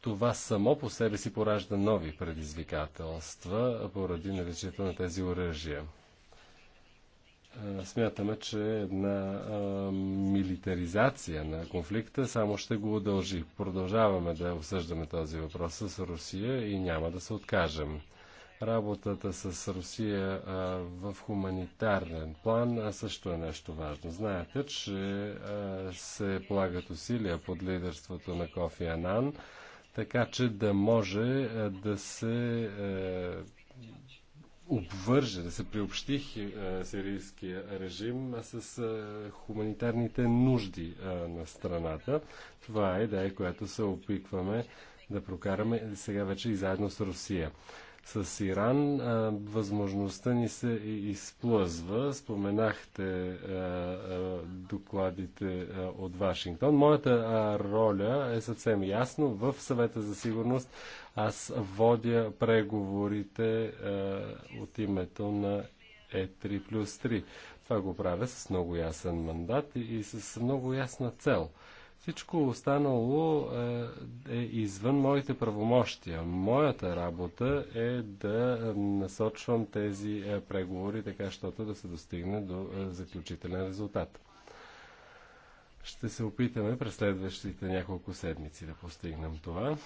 това само по себе си поражда нови предизвикателства поради наличието на тези оръжия смятаме, че една милитаризация на конфликта само ще го удължи. Продължаваме да обсъждаме този въпрос с Русия и няма да се откажем. Работата с Русия в хуманитарен план също е нещо важно. Знаете, че се полагат усилия под лидерството на Кофи Анан, така че да може да се. Е, обвърже, да се приобщи е, сирийския режим с е, хуманитарните нужди е, на страната. Това е идея, която се опитваме да прокараме сега вече и заедно с Русия. С Иран възможността ни се изплъзва. Споменахте докладите от Вашингтон. Моята роля е съвсем ясно в съвета за сигурност аз водя преговорите а, е, от името на Е3 плюс 3. Това го правя с много ясен мандат и, и с много ясна цел. Всичко останало е, е извън моите правомощия. Моята работа е да насочвам тези е, преговори така, щото да се достигне до е, заключителен резултат. Ще се опитаме през следващите няколко седмици да постигнем това.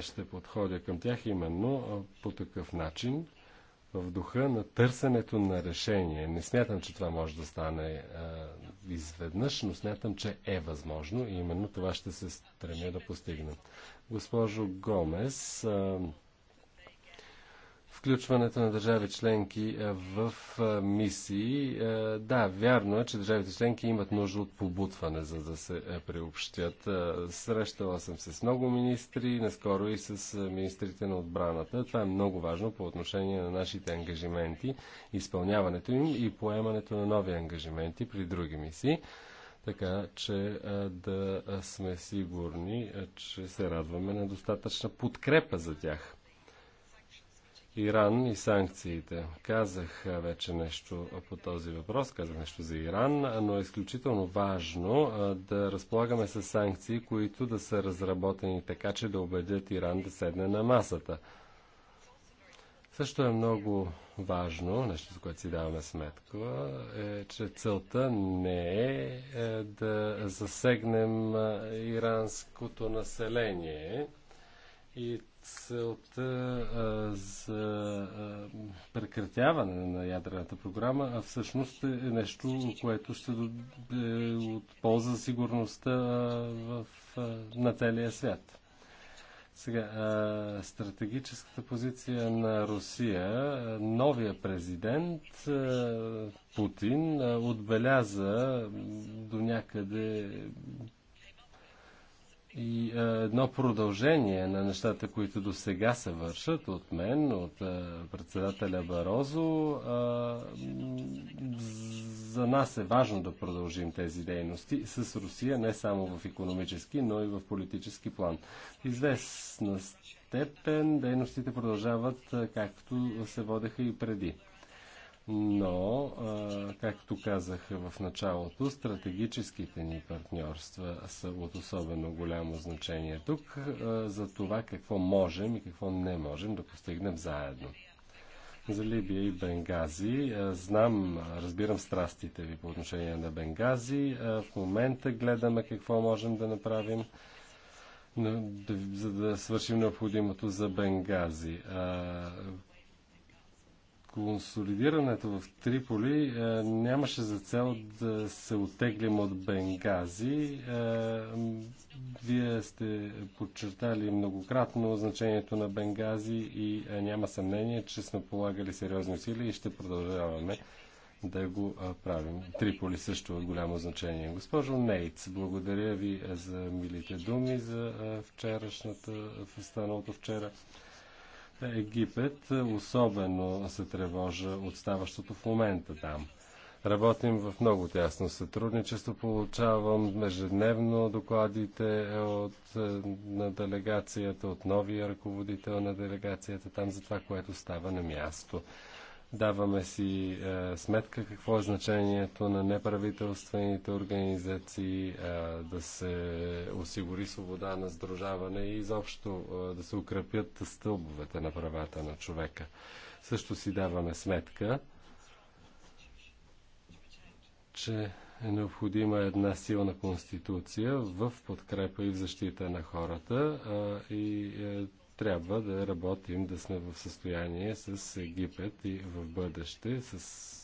Ще подходя към тях именно по такъв начин, в духа на търсенето на решение. Не смятам, че това може да стане а, изведнъж, но смятам, че е възможно и именно това ще се стремя да постигнем. Госпожо Гомес, а, включването на държави членки е, в е, мисии. Е, да, вярно е, че държавите членки имат нужда от побутване, за да се приобщят. Срещала съм се с много министри, наскоро и с министрите на отбраната. Това е много важно по отношение на нашите ангажименти, изпълняването им и поемането на нови ангажименти при други мисии така че да сме сигурни, че се радваме на достатъчна подкрепа за тях. Иран и санкциите. Казах вече нещо по този въпрос, казах нещо за Иран, но е изключително важно да разполагаме с санкции, които да са разработени така, че да убедят Иран да седне на масата. Също е много важно, нещо за което си даваме сметка, е, че целта не е, е да засегнем иранското население и целта а, за а, прекратяване на ядрената програма, а всъщност е нещо, което ще е от полза за сигурността в, а, на целия свят. Сега, а, стратегическата позиция на Русия, новия президент а, Путин а, отбеляза до някъде и е, едно продължение на нещата, които до сега се вършат от мен, от е, председателя Барозо. Е, за нас е важно да продължим тези дейности с Русия, не само в економически, но и в политически план. Известна степен дейностите продължават както се водеха и преди но, както казах в началото, стратегическите ни партньорства са от особено голямо значение тук за това какво можем и какво не можем да постигнем заедно. За Либия и Бенгази. Знам, разбирам страстите ви по отношение на Бенгази. В момента гледаме какво можем да направим за да свършим необходимото за Бенгази консолидирането в Триполи е, нямаше за цел да се отеглим от Бенгази. Е, вие сте подчертали многократно значението на Бенгази и е, няма съмнение, че сме полагали сериозни усилия и ще продължаваме да го е, правим. Триполи също е голямо значение. Госпожо Нейц, благодаря ви е, за милите думи за е, вчерашната, в останалото вчера. Египет особено се тревожа от ставащото в момента там. Работим в много тясно сътрудничество. Получавам ежедневно докладите от, е, на делегацията, от новия ръководител на делегацията там за това, което става на място. Даваме си е, сметка какво е значението на неправителствените организации е, да се осигури свобода на сдружаване и изобщо е, да се укрепят стълбовете на правата на човека. Също си даваме сметка, че е необходима една силна конституция в подкрепа и в защита на хората. А, е, и е, трябва да работим, да сме в състояние с Египет и в бъдеще, с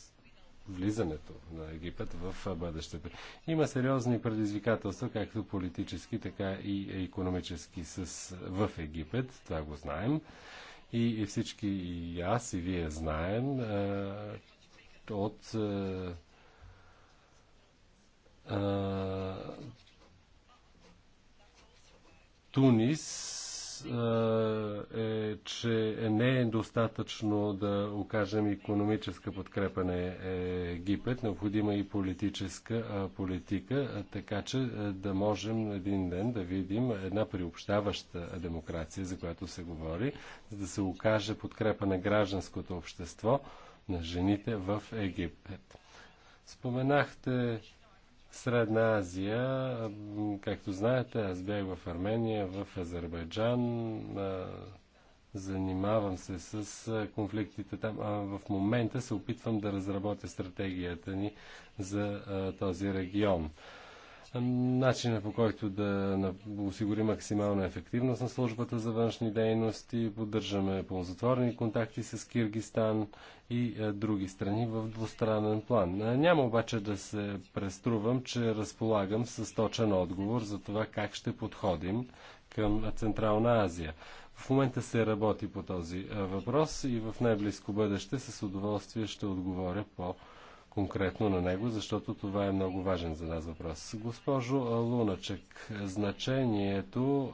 влизането на Египет в бъдещето. Има сериозни предизвикателства, както политически, така и економически с, в Египет. Това го знаем. И, и всички, и аз, и вие знаем а, от а, а, Тунис е, че не е достатъчно да окажем економическа подкрепа на е, Египет, необходима е и политическа политика, така че е, да можем един ден да видим една приобщаваща демокрация, за която се говори, за да се окаже подкрепа на гражданското общество, на жените в Египет. Споменахте Средна Азия, както знаете, аз бях в Армения, в Азербайджан, занимавам се с конфликтите там. А в момента се опитвам да разработя стратегията ни за този регион начина по който да осигури максимална ефективност на службата за външни дейности. Поддържаме ползотворни контакти с Киргистан и е, други страни в двустранен план. Е, няма обаче да се преструвам, че разполагам с точен отговор за това как ще подходим към Централна Азия. В момента се работи по този е, въпрос и в най-близко бъдеще с удоволствие ще отговоря по конкретно на него, защото това е много важен за нас въпрос. Госпожо Луначек, значението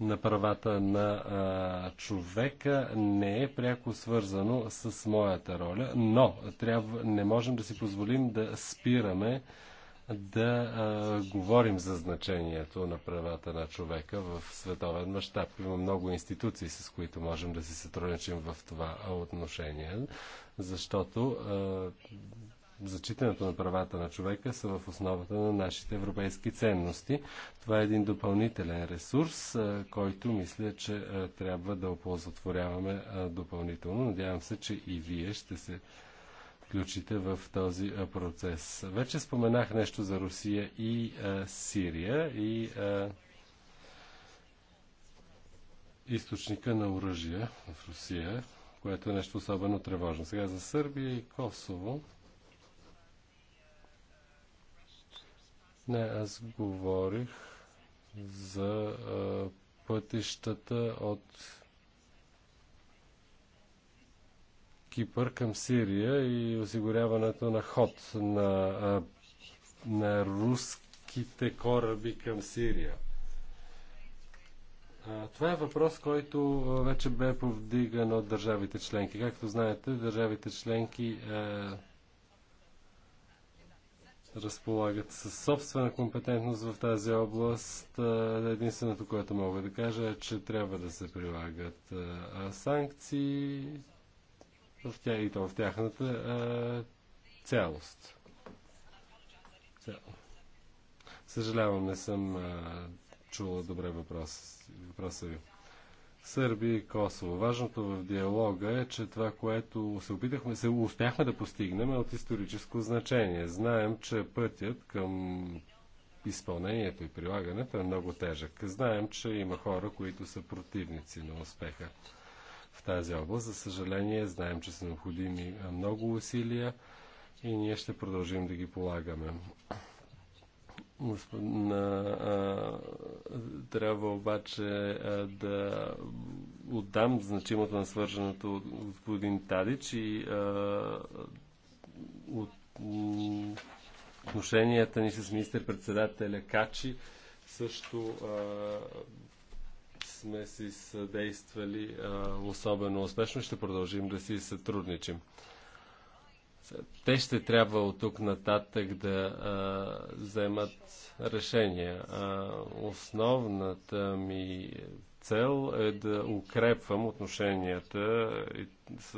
на правата на а, човека не е пряко свързано с моята роля, но трябва, не можем да си позволим да спираме да а, говорим за значението на правата на човека в световен мащаб. Има много институции, с които можем да си сътрудничим в това отношение, защото а, зачитането на правата на човека са в основата на нашите европейски ценности. Това е един допълнителен ресурс, а, който мисля, че а, трябва да оползотворяваме а, допълнително. Надявам се, че и вие ще се включите в този процес. Вече споменах нещо за Русия и а, Сирия и а, източника на оръжия в Русия, което е нещо особено тревожно. Сега за Сърбия и Косово. Не, аз говорих за а, пътищата от Кипър към Сирия и осигуряването на ход на, на руските кораби към Сирия. Това е въпрос, който вече бе повдиган от държавите членки. Както знаете, държавите членки е, разполагат със собствена компетентност в тази област. Единственото, което мога да кажа е, че трябва да се прилагат санкции в тя и то в тяхната а, цялост. Цяло. Съжалявам, не съм а, чула добре въпрос, въпроса ви. Сърби и Косово. Важното в диалога е, че това, което се опитахме, се успяхме да постигнем е от историческо значение. Знаем, че пътят към изпълнението и прилагането е много тежък. Знаем, че има хора, които са противници на успеха в тази област. За съжаление, знаем, че са необходими много усилия и ние ще продължим да ги полагаме. На, а, трябва обаче а, да отдам значимото на свърженото от господин Тадич и а, от отношенията ни с министър-председателя Качи също а, сме си съдействали а, особено успешно. Ще продължим да си сътрудничим. Те ще трябва от тук нататък да а, вземат решения. А, основната ми цел е да укрепвам отношенията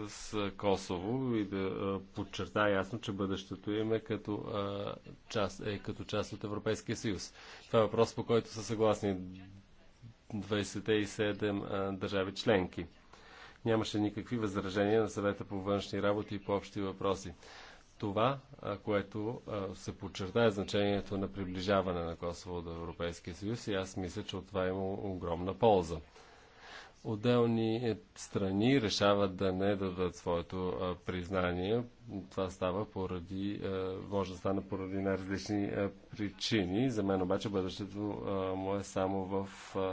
с Косово и да подчертая ясно, че бъдещето им е като, част, е като част от Европейския съюз. Това е въпрос, по който са съгласни 27 държави членки. Нямаше никакви възражения на съвета по външни работи и по общи въпроси. Това, което се подчерта е значението на приближаване на Косово до Европейския съюз и аз мисля, че от това има огромна полза отделни е, страни решават да не дадат своето признание. Това става поради, може да стане поради най-различни причини. За мен обаче бъдещето му е само в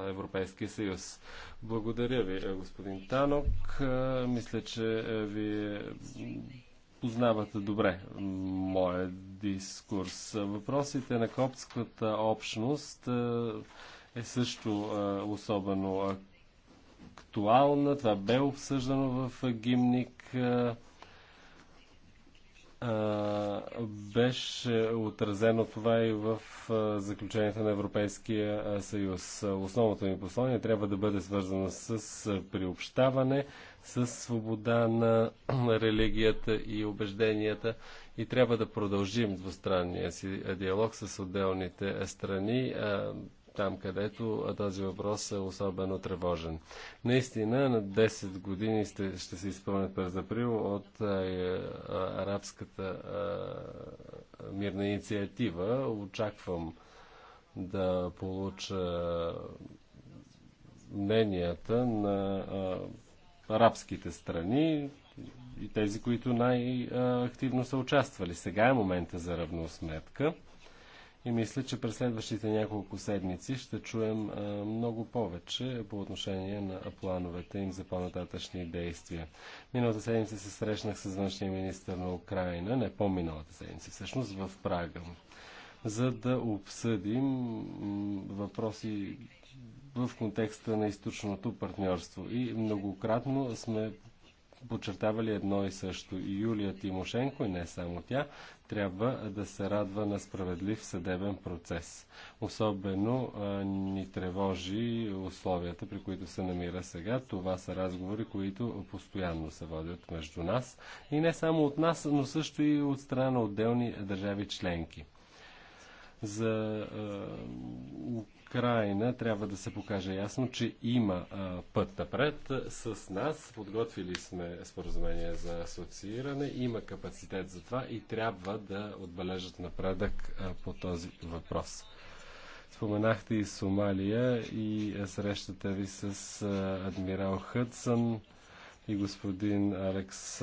Европейския съюз. Благодаря ви, господин Танок. Мисля, че ви познавате добре моя дискурс. Въпросите на коптската общност е също особено актуална. Това бе обсъждано в гимник. Беше отразено това и в заключението на Европейския съюз. Основното ни послание трябва да бъде свързано с приобщаване, с свобода на религията и убежденията и трябва да продължим двустранния си диалог с отделните страни там, където този въпрос е особено тревожен. Наистина, на 10 години ще, ще се изпълнят през април от а, е, а, арабската а, мирна инициатива. Очаквам да получа мненията на а, арабските страни и тези, които най-активно са участвали. Сега е момента за равносметка. И мисля, че през следващите няколко седмици ще чуем а, много повече по отношение на плановете им за по-нататъчни действия. Миналата седмица се срещнах с външния министр на Украина, не по-миналата седмица всъщност, в Прага, за да обсъдим въпроси в контекста на източното партньорство. И многократно сме подчертавали едно и също. И Юлия Тимошенко, и не само тя, трябва да се радва на справедлив съдебен процес. Особено а, ни тревожи условията, при които се намира сега. Това са разговори, които постоянно се водят между нас и не само от нас, но също и от страна на отделни държави членки за Украина трябва да се покаже ясно, че има а, път напред с нас. Подготвили сме споразумение за асоцииране, има капацитет за това и трябва да отбележат напредък а, по този въпрос. Споменахте и Сомалия и срещата ви с а, адмирал Хътсън и господин Алекс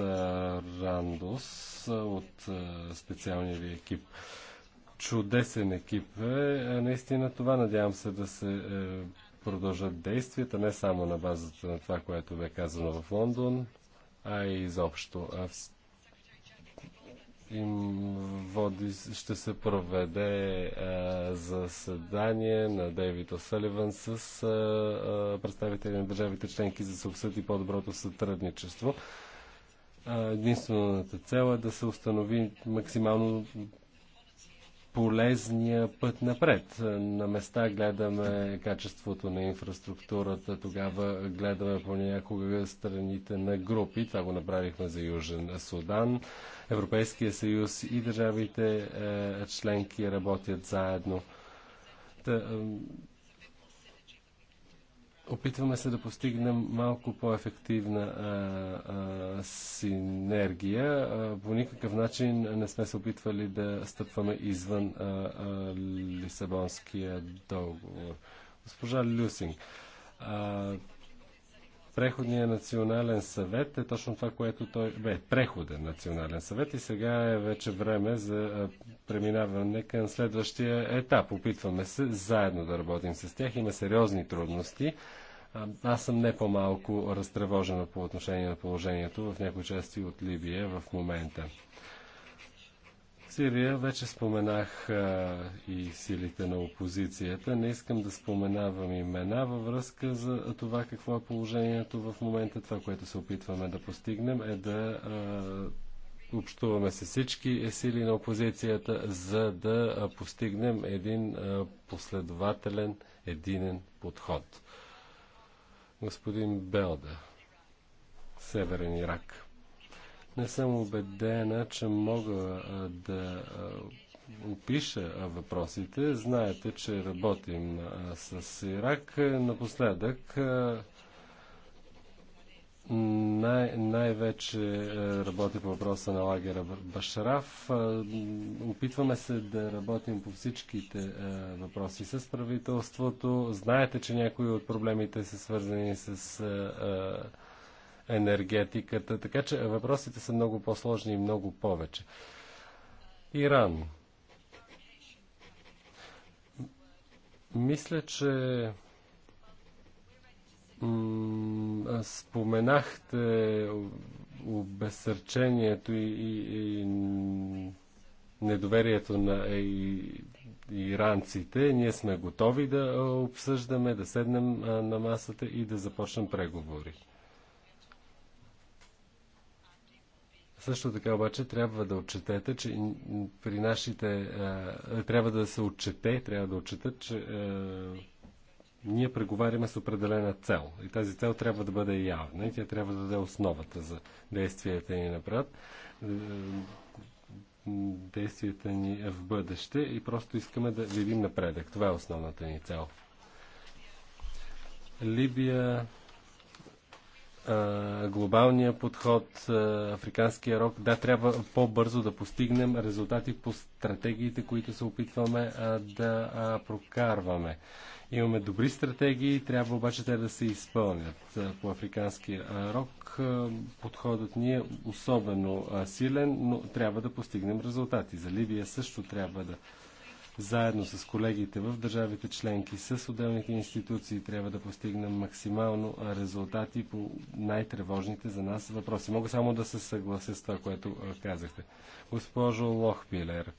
Рандос от специалния ви екип чудесен екип е. е. Наистина това надявам се да се е, продължат действията, не само на базата на това, което бе казано в Лондон, а и изобщо. Им води, ще се проведе а, е, заседание на Дейвид О'Саливан с а, а, представители на държавите членки за да се обсъди по-доброто сътрудничество единствената цел е да се установи максимално полезния път напред. На места гледаме качеството на инфраструктурата, тогава гледаме понякога страните на групи. Това го направихме за Южен Судан. Европейския съюз и държавите е, членки работят заедно Опитваме се да постигнем малко по-ефективна синергия. А, по никакъв начин не сме се опитвали да стъпваме извън а, а, Лисабонския договор. Госпожа Люсинг, Преходният национален съвет е точно това, което той бе. Преходен национален съвет и сега е вече време за преминаване към следващия етап. Опитваме се заедно да работим с тях. Има сериозни трудности. Аз съм не по-малко разтревожена по отношение на положението в някои части от Либия в момента. Сирия вече споменах а, и силите на опозицията. Не искам да споменавам имена във връзка за това какво е положението в момента. Това, което се опитваме да постигнем е да а, общуваме с всички сили на опозицията, за да постигнем един а, последователен, единен подход. Господин Белда, Северен Ирак. Не съм убедена, че мога да опиша въпросите. Знаете, че работим с Ирак. Напоследък най- най-вече работи по въпроса на лагера Башараф. Опитваме се да работим по всичките въпроси с правителството. Знаете, че някои от проблемите са свързани с енергетиката. Така че въпросите са много по-сложни и много повече. Иран. Мисля, че споменахте обесърчението и, и, и недоверието на е, и, иранците. Ние сме готови да обсъждаме, да седнем на масата и да започнем преговори. Също така обаче трябва да отчетете, че при нашите... Е, трябва да се отчете, трябва да отчетат, че е, ние преговаряме с определена цел. И тази цел трябва да бъде явна и тя трябва да даде основата за действията ни напред, е, действията ни в бъдеще и просто искаме да видим напредък. Това е основната ни цел. Либия глобалния подход, африканския рок. Да, трябва по-бързо да постигнем резултати по стратегиите, които се опитваме да прокарваме. Имаме добри стратегии, трябва обаче те да се изпълнят. По африканския рок подходът ни е особено силен, но трябва да постигнем резултати. За Ливия също трябва да заедно с колегите в държавите членки, с отделните институции, трябва да постигнем максимално резултати по най-тревожните за нас въпроси. Мога само да се съглася с това, което казахте. Госпожо Лохпилер,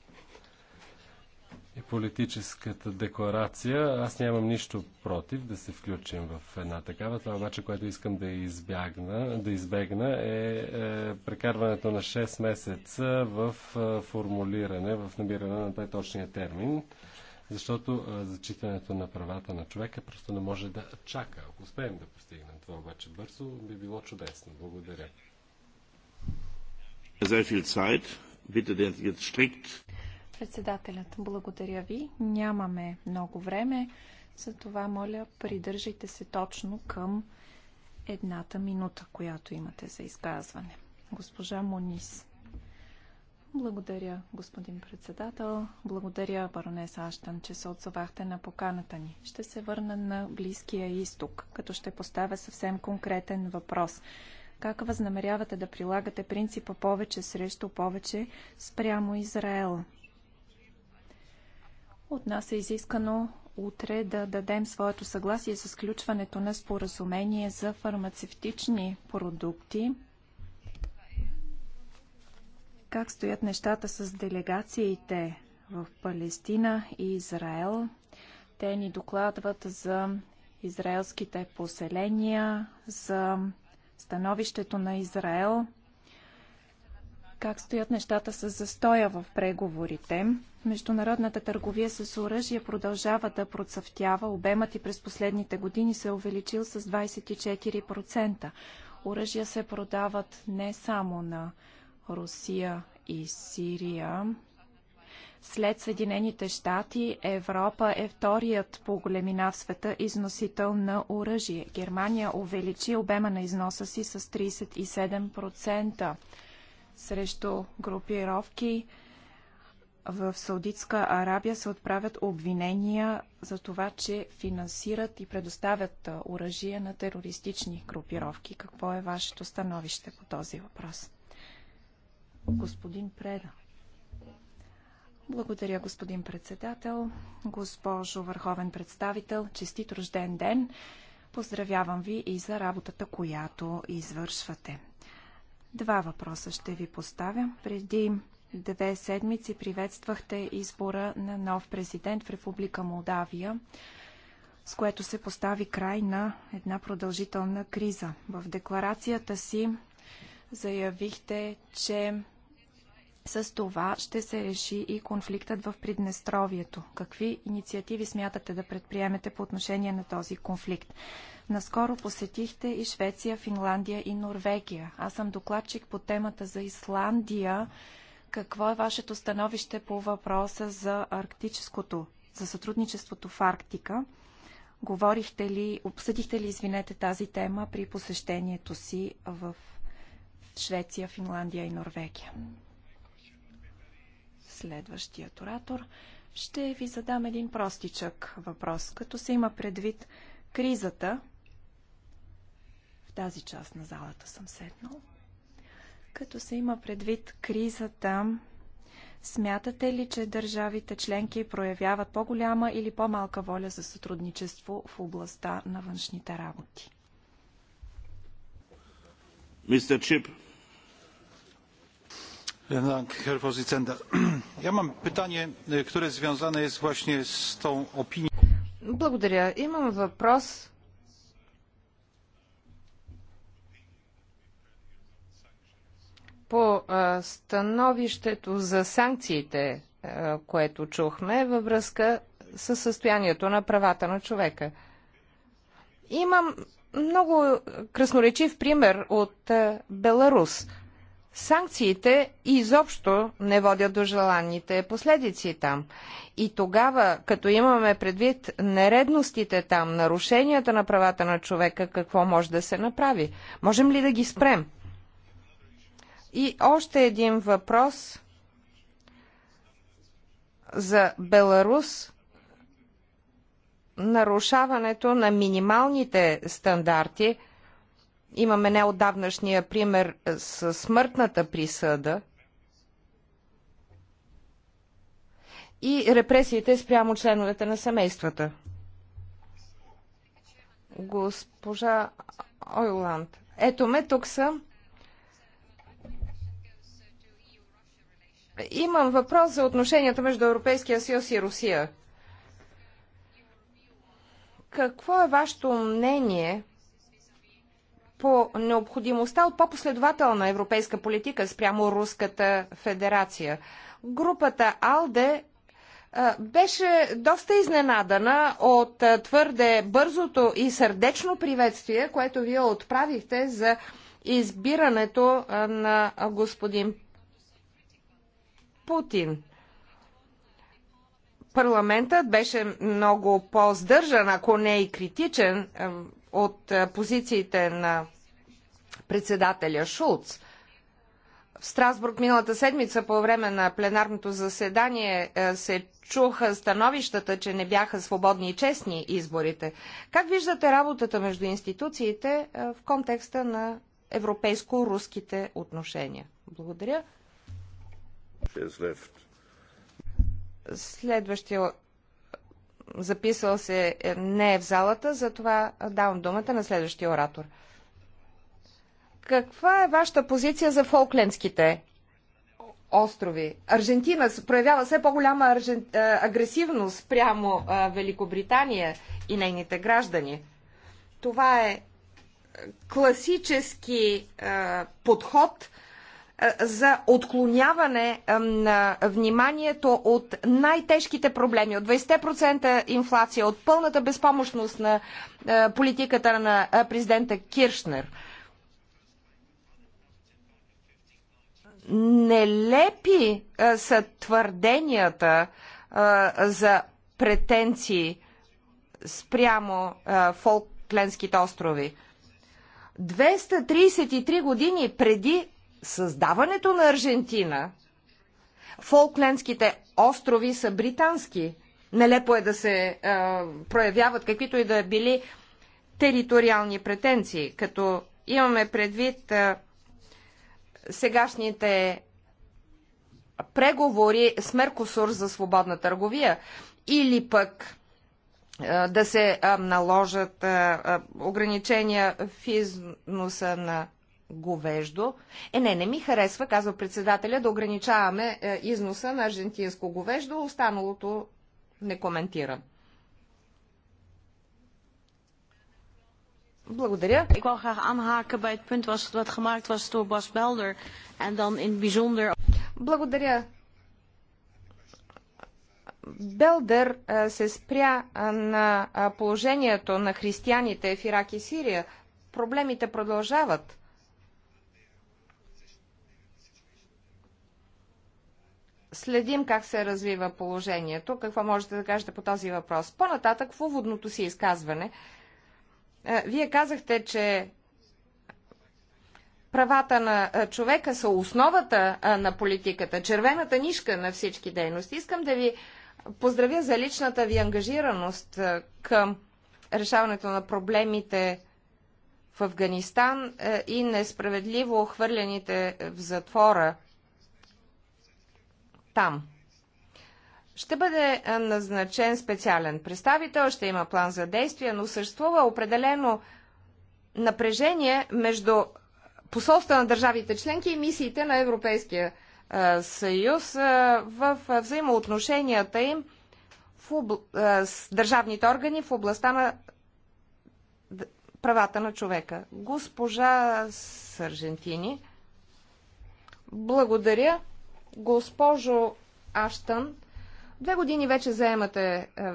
и е политическата декларация. Аз нямам нищо против да се включим в една такава. Това обаче, което искам да избягна, да избегна е, е прекарването на 6 месеца в е, формулиране, в набиране на най-точния термин, защото е, зачитането на правата на човека просто не може да чака. Ако успеем да постигнем това обаче бързо, би било чудесно. Благодаря. Sehr viel Zeit. Bitte jetzt strikt. Председателят, благодаря ви. Нямаме много време, затова моля, придържайте се точно към едната минута, която имате за изказване. Госпожа Монис. Благодаря, господин председател. Благодаря, баронес Аштан, че се отзовахте на поканата ни. Ще се върна на Близкия изток, като ще поставя съвсем конкретен въпрос. Как възнамерявате да прилагате принципа повече срещу повече спрямо Израел? От нас е изискано утре да дадем своето съгласие с включването на споразумение за фармацевтични продукти. Как стоят нещата с делегациите в Палестина и Израел? Те ни докладват за израелските поселения, за становището на Израел – как стоят нещата с застоя в преговорите. Международната търговия с оръжие продължава да процъфтява. Обемът и през последните години се е увеличил с 24%. Оръжия се продават не само на Русия и Сирия. След Съединените щати, Европа е вторият по големина в света износител на оръжие. Германия увеличи обема на износа си с 37% срещу групировки в Саудитска Арабия се отправят обвинения за това, че финансират и предоставят оръжие на терористични групировки. Какво е вашето становище по този въпрос? Господин Преда. Благодаря, господин председател. Госпожо Върховен представител, честит рожден ден. Поздравявам ви и за работата, която извършвате. Два въпроса ще ви поставя. Преди две седмици приветствахте избора на нов президент в Република Молдавия, с което се постави край на една продължителна криза. В декларацията си заявихте, че с това ще се реши и конфликтът в Приднестровието. Какви инициативи смятате да предприемете по отношение на този конфликт? Наскоро посетихте и Швеция, Финландия и Норвегия. Аз съм докладчик по темата за Исландия. Какво е вашето становище по въпроса за арктическото, за сътрудничеството в Арктика? Говорихте ли, обсъдихте ли, извинете, тази тема при посещението си в Швеция, Финландия и Норвегия? Следващият оратор. Ще ви задам един простичък въпрос. Като се има предвид кризата, в тази част на залата съм седнал, като се има предвид кризата, смятате ли, че държавите членки проявяват по-голяма или по-малка воля за сътрудничество в областта на външните работи? Мистер Чип, Имам präsident! което е pytanie które związane jest właśnie z Благодаря. Имам въпрос. По становището за санкциите, което чухме във връзка с състоянието на правата на човека. Имам много красноречив пример от Беларус – санкциите изобщо не водят до желаните последици там. И тогава, като имаме предвид нередностите там, нарушенията на правата на човека, какво може да се направи? Можем ли да ги спрем? И още един въпрос за Беларус. Нарушаването на минималните стандарти – Имаме неотдавнашния пример е, с смъртната присъда и репресиите спрямо членовете на семействата. Госпожа Ойланд. Ето ме, тук съм. Имам въпрос за отношенията между Европейския съюз и Русия. Какво е вашето мнение по необходимостта от по-последователна европейска политика спрямо Руската федерация. Групата АЛДЕ беше доста изненадана от твърде бързото и сърдечно приветствие, което вие отправихте за избирането на господин Путин. Парламентът беше много по-здържан, ако не и критичен от е, позициите на председателя Шулц. В Страсбург миналата седмица по време на пленарното заседание е, се чуха становищата, че не бяха свободни и честни изборите. Как виждате работата между институциите е, в контекста на европейско-руските отношения? Благодаря. Следващия записал се е, не е в залата, затова давам думата на следващия оратор. Каква е вашата позиция за фолклендските острови? Аржентина проявява все по-голяма аржен... Е, агресивност прямо е, Великобритания и нейните граждани. Това е класически подход – е, за отклоняване е, на вниманието от най-тежките проблеми, от 20% инфлация, от пълната безпомощност на е, политиката на президента Киршнер. Нелепи са твърденията за претенции спрямо Фолкленските острови. 233 години преди създаването на Аржентина Фолклендските острови са британски. Нелепо е да се е, проявяват каквито и да били териториални претенции, като имаме предвид е, сегашните преговори с Меркосур за свободна търговия или пък е, да се е, наложат е, е ограничения в износа на говеждо. Е, не, не ми харесва, казва председателя, да ограничаваме е, износа на аржентинско говеждо, останалото не коментирам. Благодаря. Ik wil graag aanhaken bij het punt was, wat gemaakt was door Bas Belder. En dan in bijzonder... Благодаря. Белдер е, се спря е, на е, положението на християните в Ирак и Сирия. Проблемите продължават. следим как се развива положението. Какво можете да кажете по този въпрос? По-нататък в уводното си изказване, е, вие казахте, че правата на е, човека са основата е, на политиката, червената нишка на всички дейности. Искам да ви поздравя за личната ви ангажираност към решаването на проблемите в Афганистан и несправедливо хвърляните в затвора – там. Ще бъде назначен специален представител, ще има план за действие, но съществува определено напрежение между посолства на държавите членки и мисиите на Европейския съюз в взаимоотношенията им в обл... с държавните органи в областта на правата на човека. Госпожа Сържентини, благодаря. Госпожо Аштън, две години вече заемате е,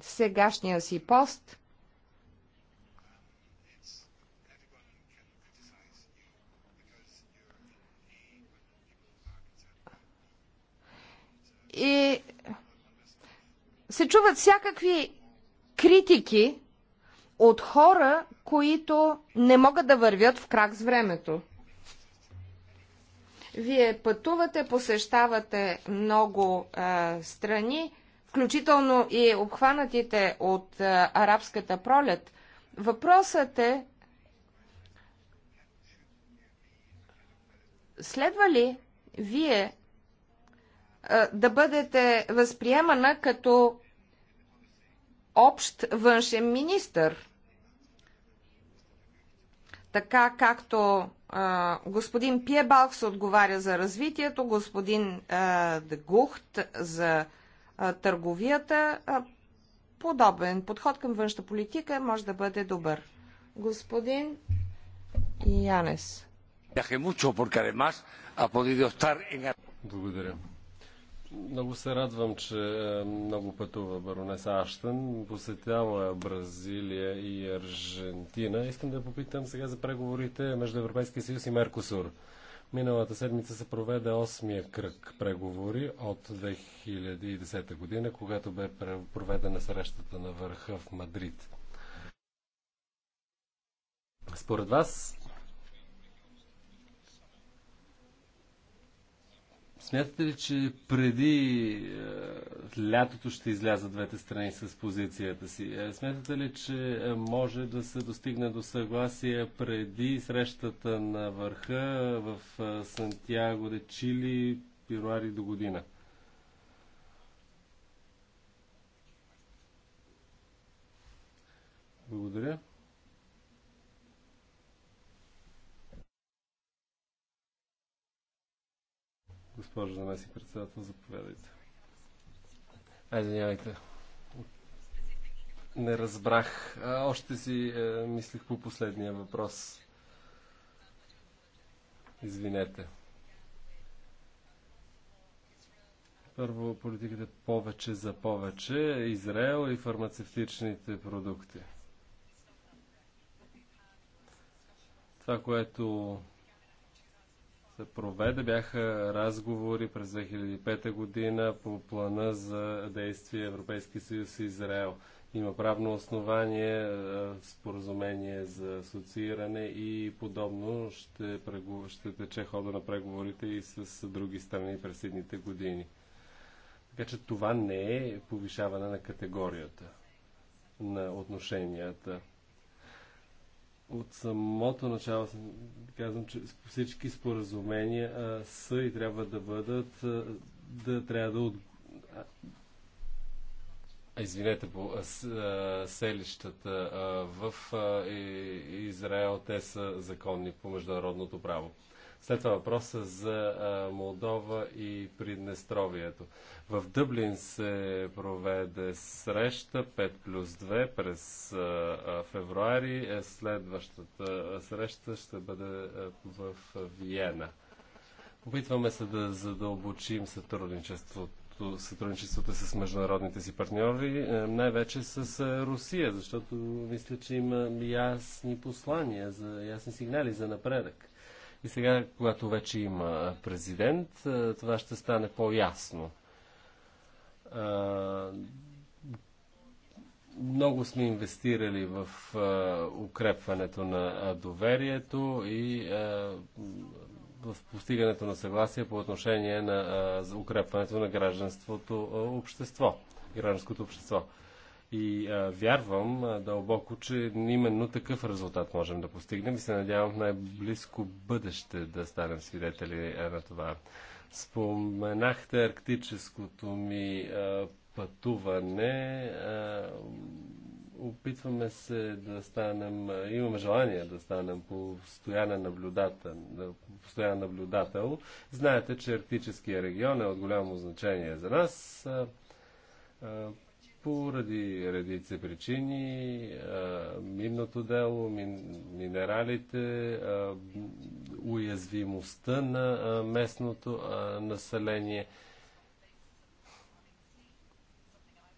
сегашния си пост. И се чуват всякакви критики от хора, които не могат да вървят в крак с времето. Вие пътувате, посещавате много а, страни, включително и обхванатите от а, арабската пролет. Въпросът е, следва ли вие а, да бъдете възприемана като общ външен министр? Така както господин Пиебалкс отговаря за развитието, господин Дегухт за търговията. Подобен подход към външна политика може да бъде добър. Господин Янес. Благодаря. Много се радвам, че е, много пътува баронеса Аштън. Посетяла е Бразилия и Аржентина. Искам да попитам сега за преговорите между Европейския съюз и Меркосур. Миналата седмица се проведе осмия кръг преговори от 2010 година, когато бе проведена срещата на върха в Мадрид. Според вас, Смятате ли, че преди е, лятото ще излязат двете страни с позицията си? Е, смятате ли, че е, може да се достигне до съгласие преди срещата на върха в е, Сантьяго де Чили пируари до година? Благодаря. госпожо заместник председател, заповядайте. Ай, извинявайте. Не разбрах. А, още си е, мислих по последния въпрос. Извинете. Първо, политиката е повече за повече, Израел и фармацевтичните продукти. Това, което се проведе. Бяха разговори през 2005 година по плана за действие Европейски съюз и Израел. Има правно основание, споразумение за асоцииране и подобно ще, прегу... ще тече хода на преговорите и с други страни през едните години. Така че това не е повишаване на категорията на отношенията от самото начало казвам, че всички споразумения а, са и трябва да бъдат, а, да трябва да от... А, извинете, по а, с, а, селищата а, в а, и, Израел те са законни по международното право. След това въпроса за Молдова и Приднестровието. В Дъблин се проведе среща 5 плюс 2 през февруари. Е, следващата среща ще бъде в Виена. Опитваме се да задълбочим сътрудничеството сътрудничеството с международните си партньори, е, най-вече с Русия, защото мисля, че има ясни послания, за, ясни сигнали за напредък. И сега, когато вече има президент, това ще стане по-ясно. Много сме инвестирали в укрепването на доверието и в постигането на съгласие по отношение на укрепването на гражданството общество, гражданското общество. И а, вярвам а, дълбоко, че именно такъв резултат можем да постигнем и се надявам в най-близко бъдеще да станем свидетели е, на това. Споменахте арктическото ми а, пътуване. А, опитваме се да станем, имаме желание да станем постоянен наблюдател. Постоянен наблюдател. Знаете, че арктическия регион е от голямо значение за нас. А, а, поради редица причини, минното дело, мин, минералите, уязвимостта на местното население.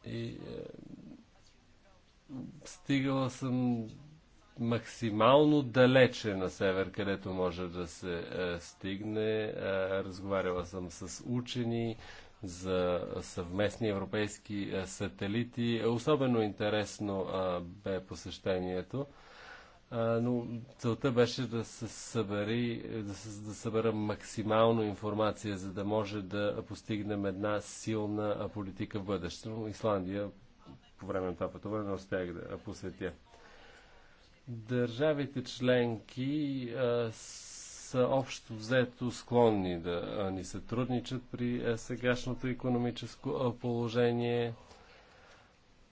И е, стигала съм максимално далече на север, където може да се е, стигне. Е, разговаряла съм с учени, за съвместни европейски е, сателити. Особено интересно е, бе посещението, е, но целта беше да се събери, да, се, да събера максимално информация, за да може да постигнем една силна политика в бъдеще. Но Исландия по време на това пътуване не успях да посетя. Държавите членки а, са общо взето склонни да ни сътрудничат при е, сегашното економическо положение.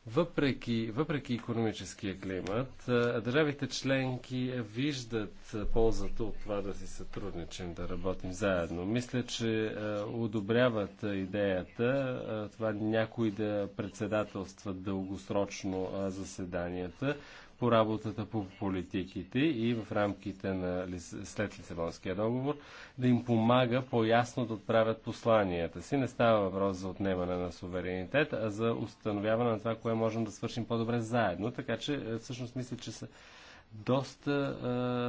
Въпреки, въпреки економическия климат, държавите членки виждат ползата от това да си сътрудничим, да работим заедно. Мисля, че одобряват идеята това някои да председателстват дългосрочно заседанията по работата по политиките и в рамките на след Лисабонския договор да им помага по-ясно да отправят посланията си. Не става въпрос за отнемане на суверенитет, а за установяване на това, кое можем да свършим по-добре заедно. Така че е, всъщност мисля, че са доста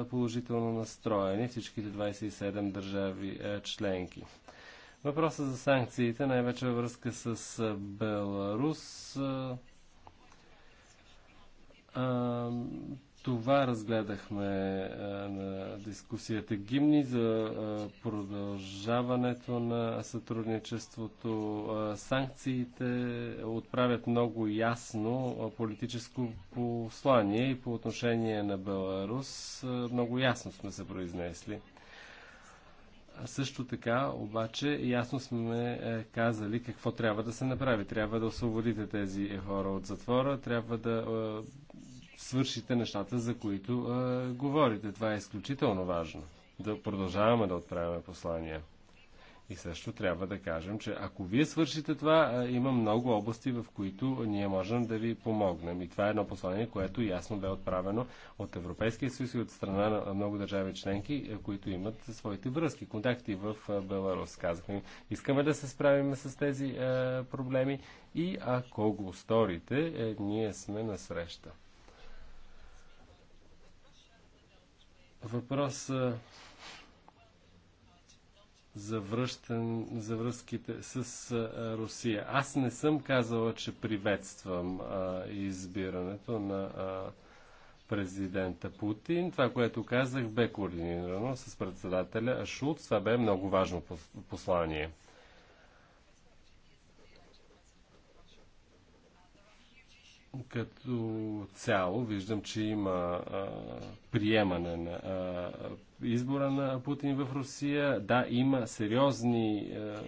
е, положително настроени всичките 27 държави е, членки. Въпросът за санкциите, най-вече във връзка с Беларус. А, това разгледахме на дискусията Гимни за продължаването на сътрудничеството. Санкциите отправят много ясно политическо послание и по отношение на Беларус много ясно сме се произнесли. Също така, обаче, ясно сме е, казали какво трябва да се направи. Трябва да освободите тези хора от затвора, трябва да е, свършите нещата, за които а, говорите. Това е изключително важно. Да продължаваме да отправяме послания. И също трябва да кажем, че ако вие свършите това, а, има много области, в които ние можем да ви помогнем. И това е едно послание, което ясно бе отправено от Европейския съюз и от страна на много държави членки, които имат своите връзки, контакти в Беларус. Казахме искаме да се справим с тези а, проблеми и ако го сторите, е, ние сме на среща. Въпрос за, връщан, за връзките с а, Русия. Аз не съм казала, че приветствам а, избирането на а, президента Путин. Това, което казах, бе координирано с председателя Шулц. Това бе много важно послание. Като цяло виждам, че има а, приемане на а, избора на Путин в Русия. Да, има сериозни а,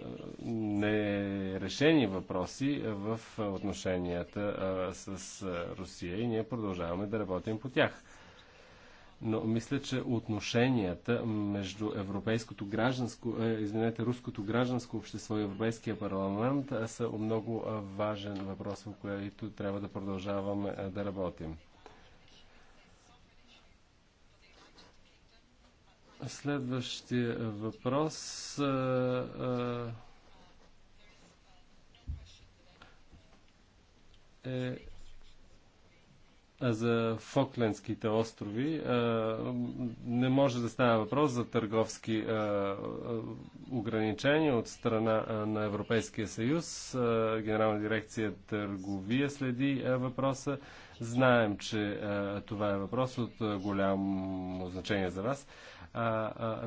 нерешени въпроси в отношенията а, с Русия и ние продължаваме да работим по тях но мисля, че отношенията между европейското гражданско, е, извинете, руското гражданско общество и Европейския парламент е, са много е, важен въпрос, в който трябва да продължаваме да работим. Следващия въпрос. е за Фоклендските острови не може да става въпрос за търговски ограничения от страна на Европейския съюз. Генерална дирекция търговия следи въпроса. Знаем, че това е въпрос от голямо значение за вас.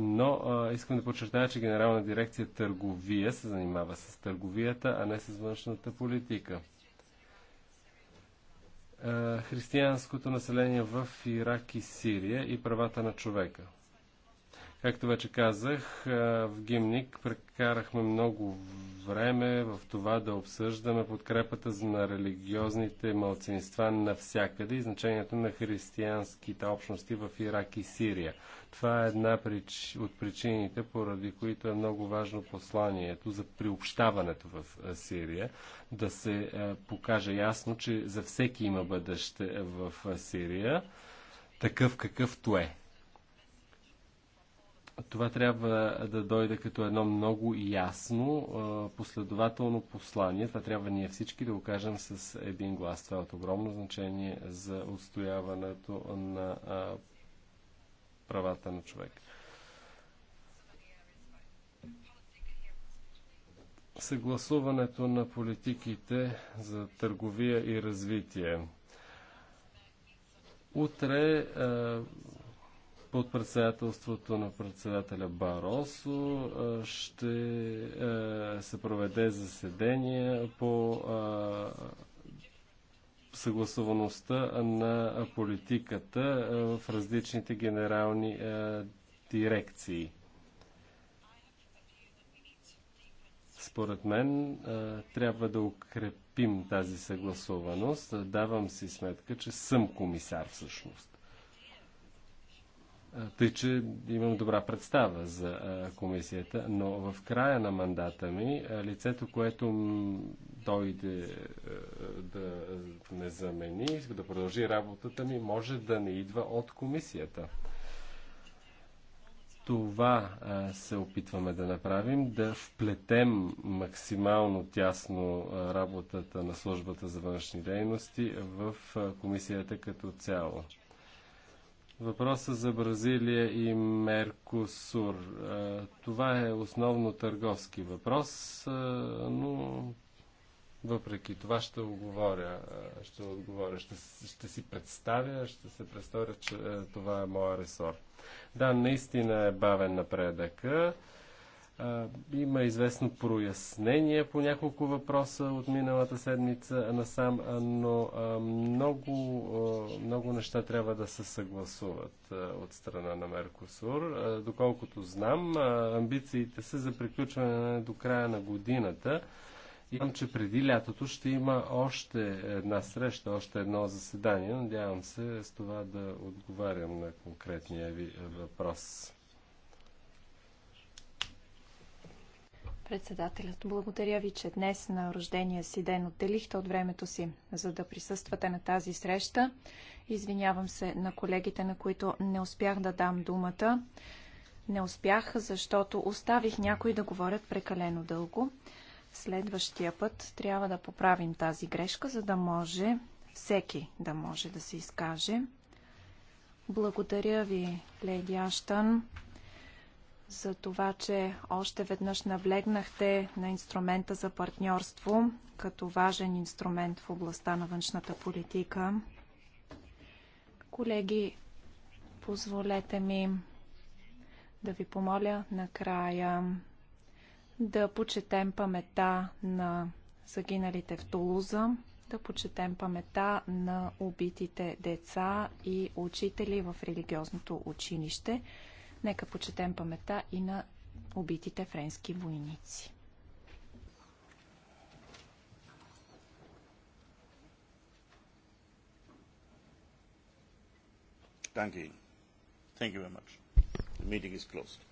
Но искам да подчертая, че Генерална дирекция търговия се занимава с търговията, а не с външната политика. Е, християнското население в Ирак и Сирия и правата на човека. Както вече казах, в Гимник прекарахме много време в това да обсъждаме подкрепата на религиозните малцинства навсякъде и значението на християнските общности в Ирак и Сирия. Това е една от причините, поради които е много важно посланието за приобщаването в Сирия, да се покаже ясно, че за всеки има бъдеще в Сирия, такъв какъвто е това трябва да дойде като едно много ясно, последователно послание. Това трябва ние всички да го кажем с един глас. Това е от огромно значение за отстояването на правата на човек. съгласуването на политиките за търговия и развитие. Утре под председателството на председателя Баросо ще се проведе заседение по съгласуваността на политиката в различните генерални дирекции. Според мен трябва да укрепим тази съгласуваност. Давам си сметка, че съм комисар всъщност. Тъй, че имам добра представа за комисията, но в края на мандата ми лицето, което дойде да ме замени, да продължи работата ми, може да не идва от комисията. Това се опитваме да направим, да вплетем максимално тясно работата на службата за външни дейности в комисията като цяло. Въпросът за Бразилия и Меркосур. Е, това е основно търговски въпрос, е, но въпреки това ще отговоря. Е, ще отговоря, ще, ще си представя, ще се представя, че това е моя ресор. Да, наистина е бавен напредъка. Има известно прояснение по няколко въпроса от миналата седмица насам, но много, много неща трябва да се съгласуват от страна на Меркосур. Доколкото знам, амбициите са за приключване до края на годината. И знам, че преди лятото ще има още една среща, още едно заседание. Надявам се с това да отговарям на конкретния ви въпрос. Председателят, благодаря ви, че днес на рождения си ден отделихте от времето си, за да присъствате на тази среща. Извинявам се на колегите, на които не успях да дам думата. Не успях, защото оставих някои да говорят прекалено дълго. Следващия път трябва да поправим тази грешка, за да може всеки да може да се изкаже. Благодаря ви, леди Аштън за това, че още веднъж навлегнахте на инструмента за партньорство като важен инструмент в областта на външната политика. Колеги, позволете ми да ви помоля накрая да почетем памета на загиналите в Тулуза, да почетем памета на убитите деца и учители в религиозното училище. Нека почетем памета и на убитите френски войници. Thank you. Thank you very much. The meeting is closed.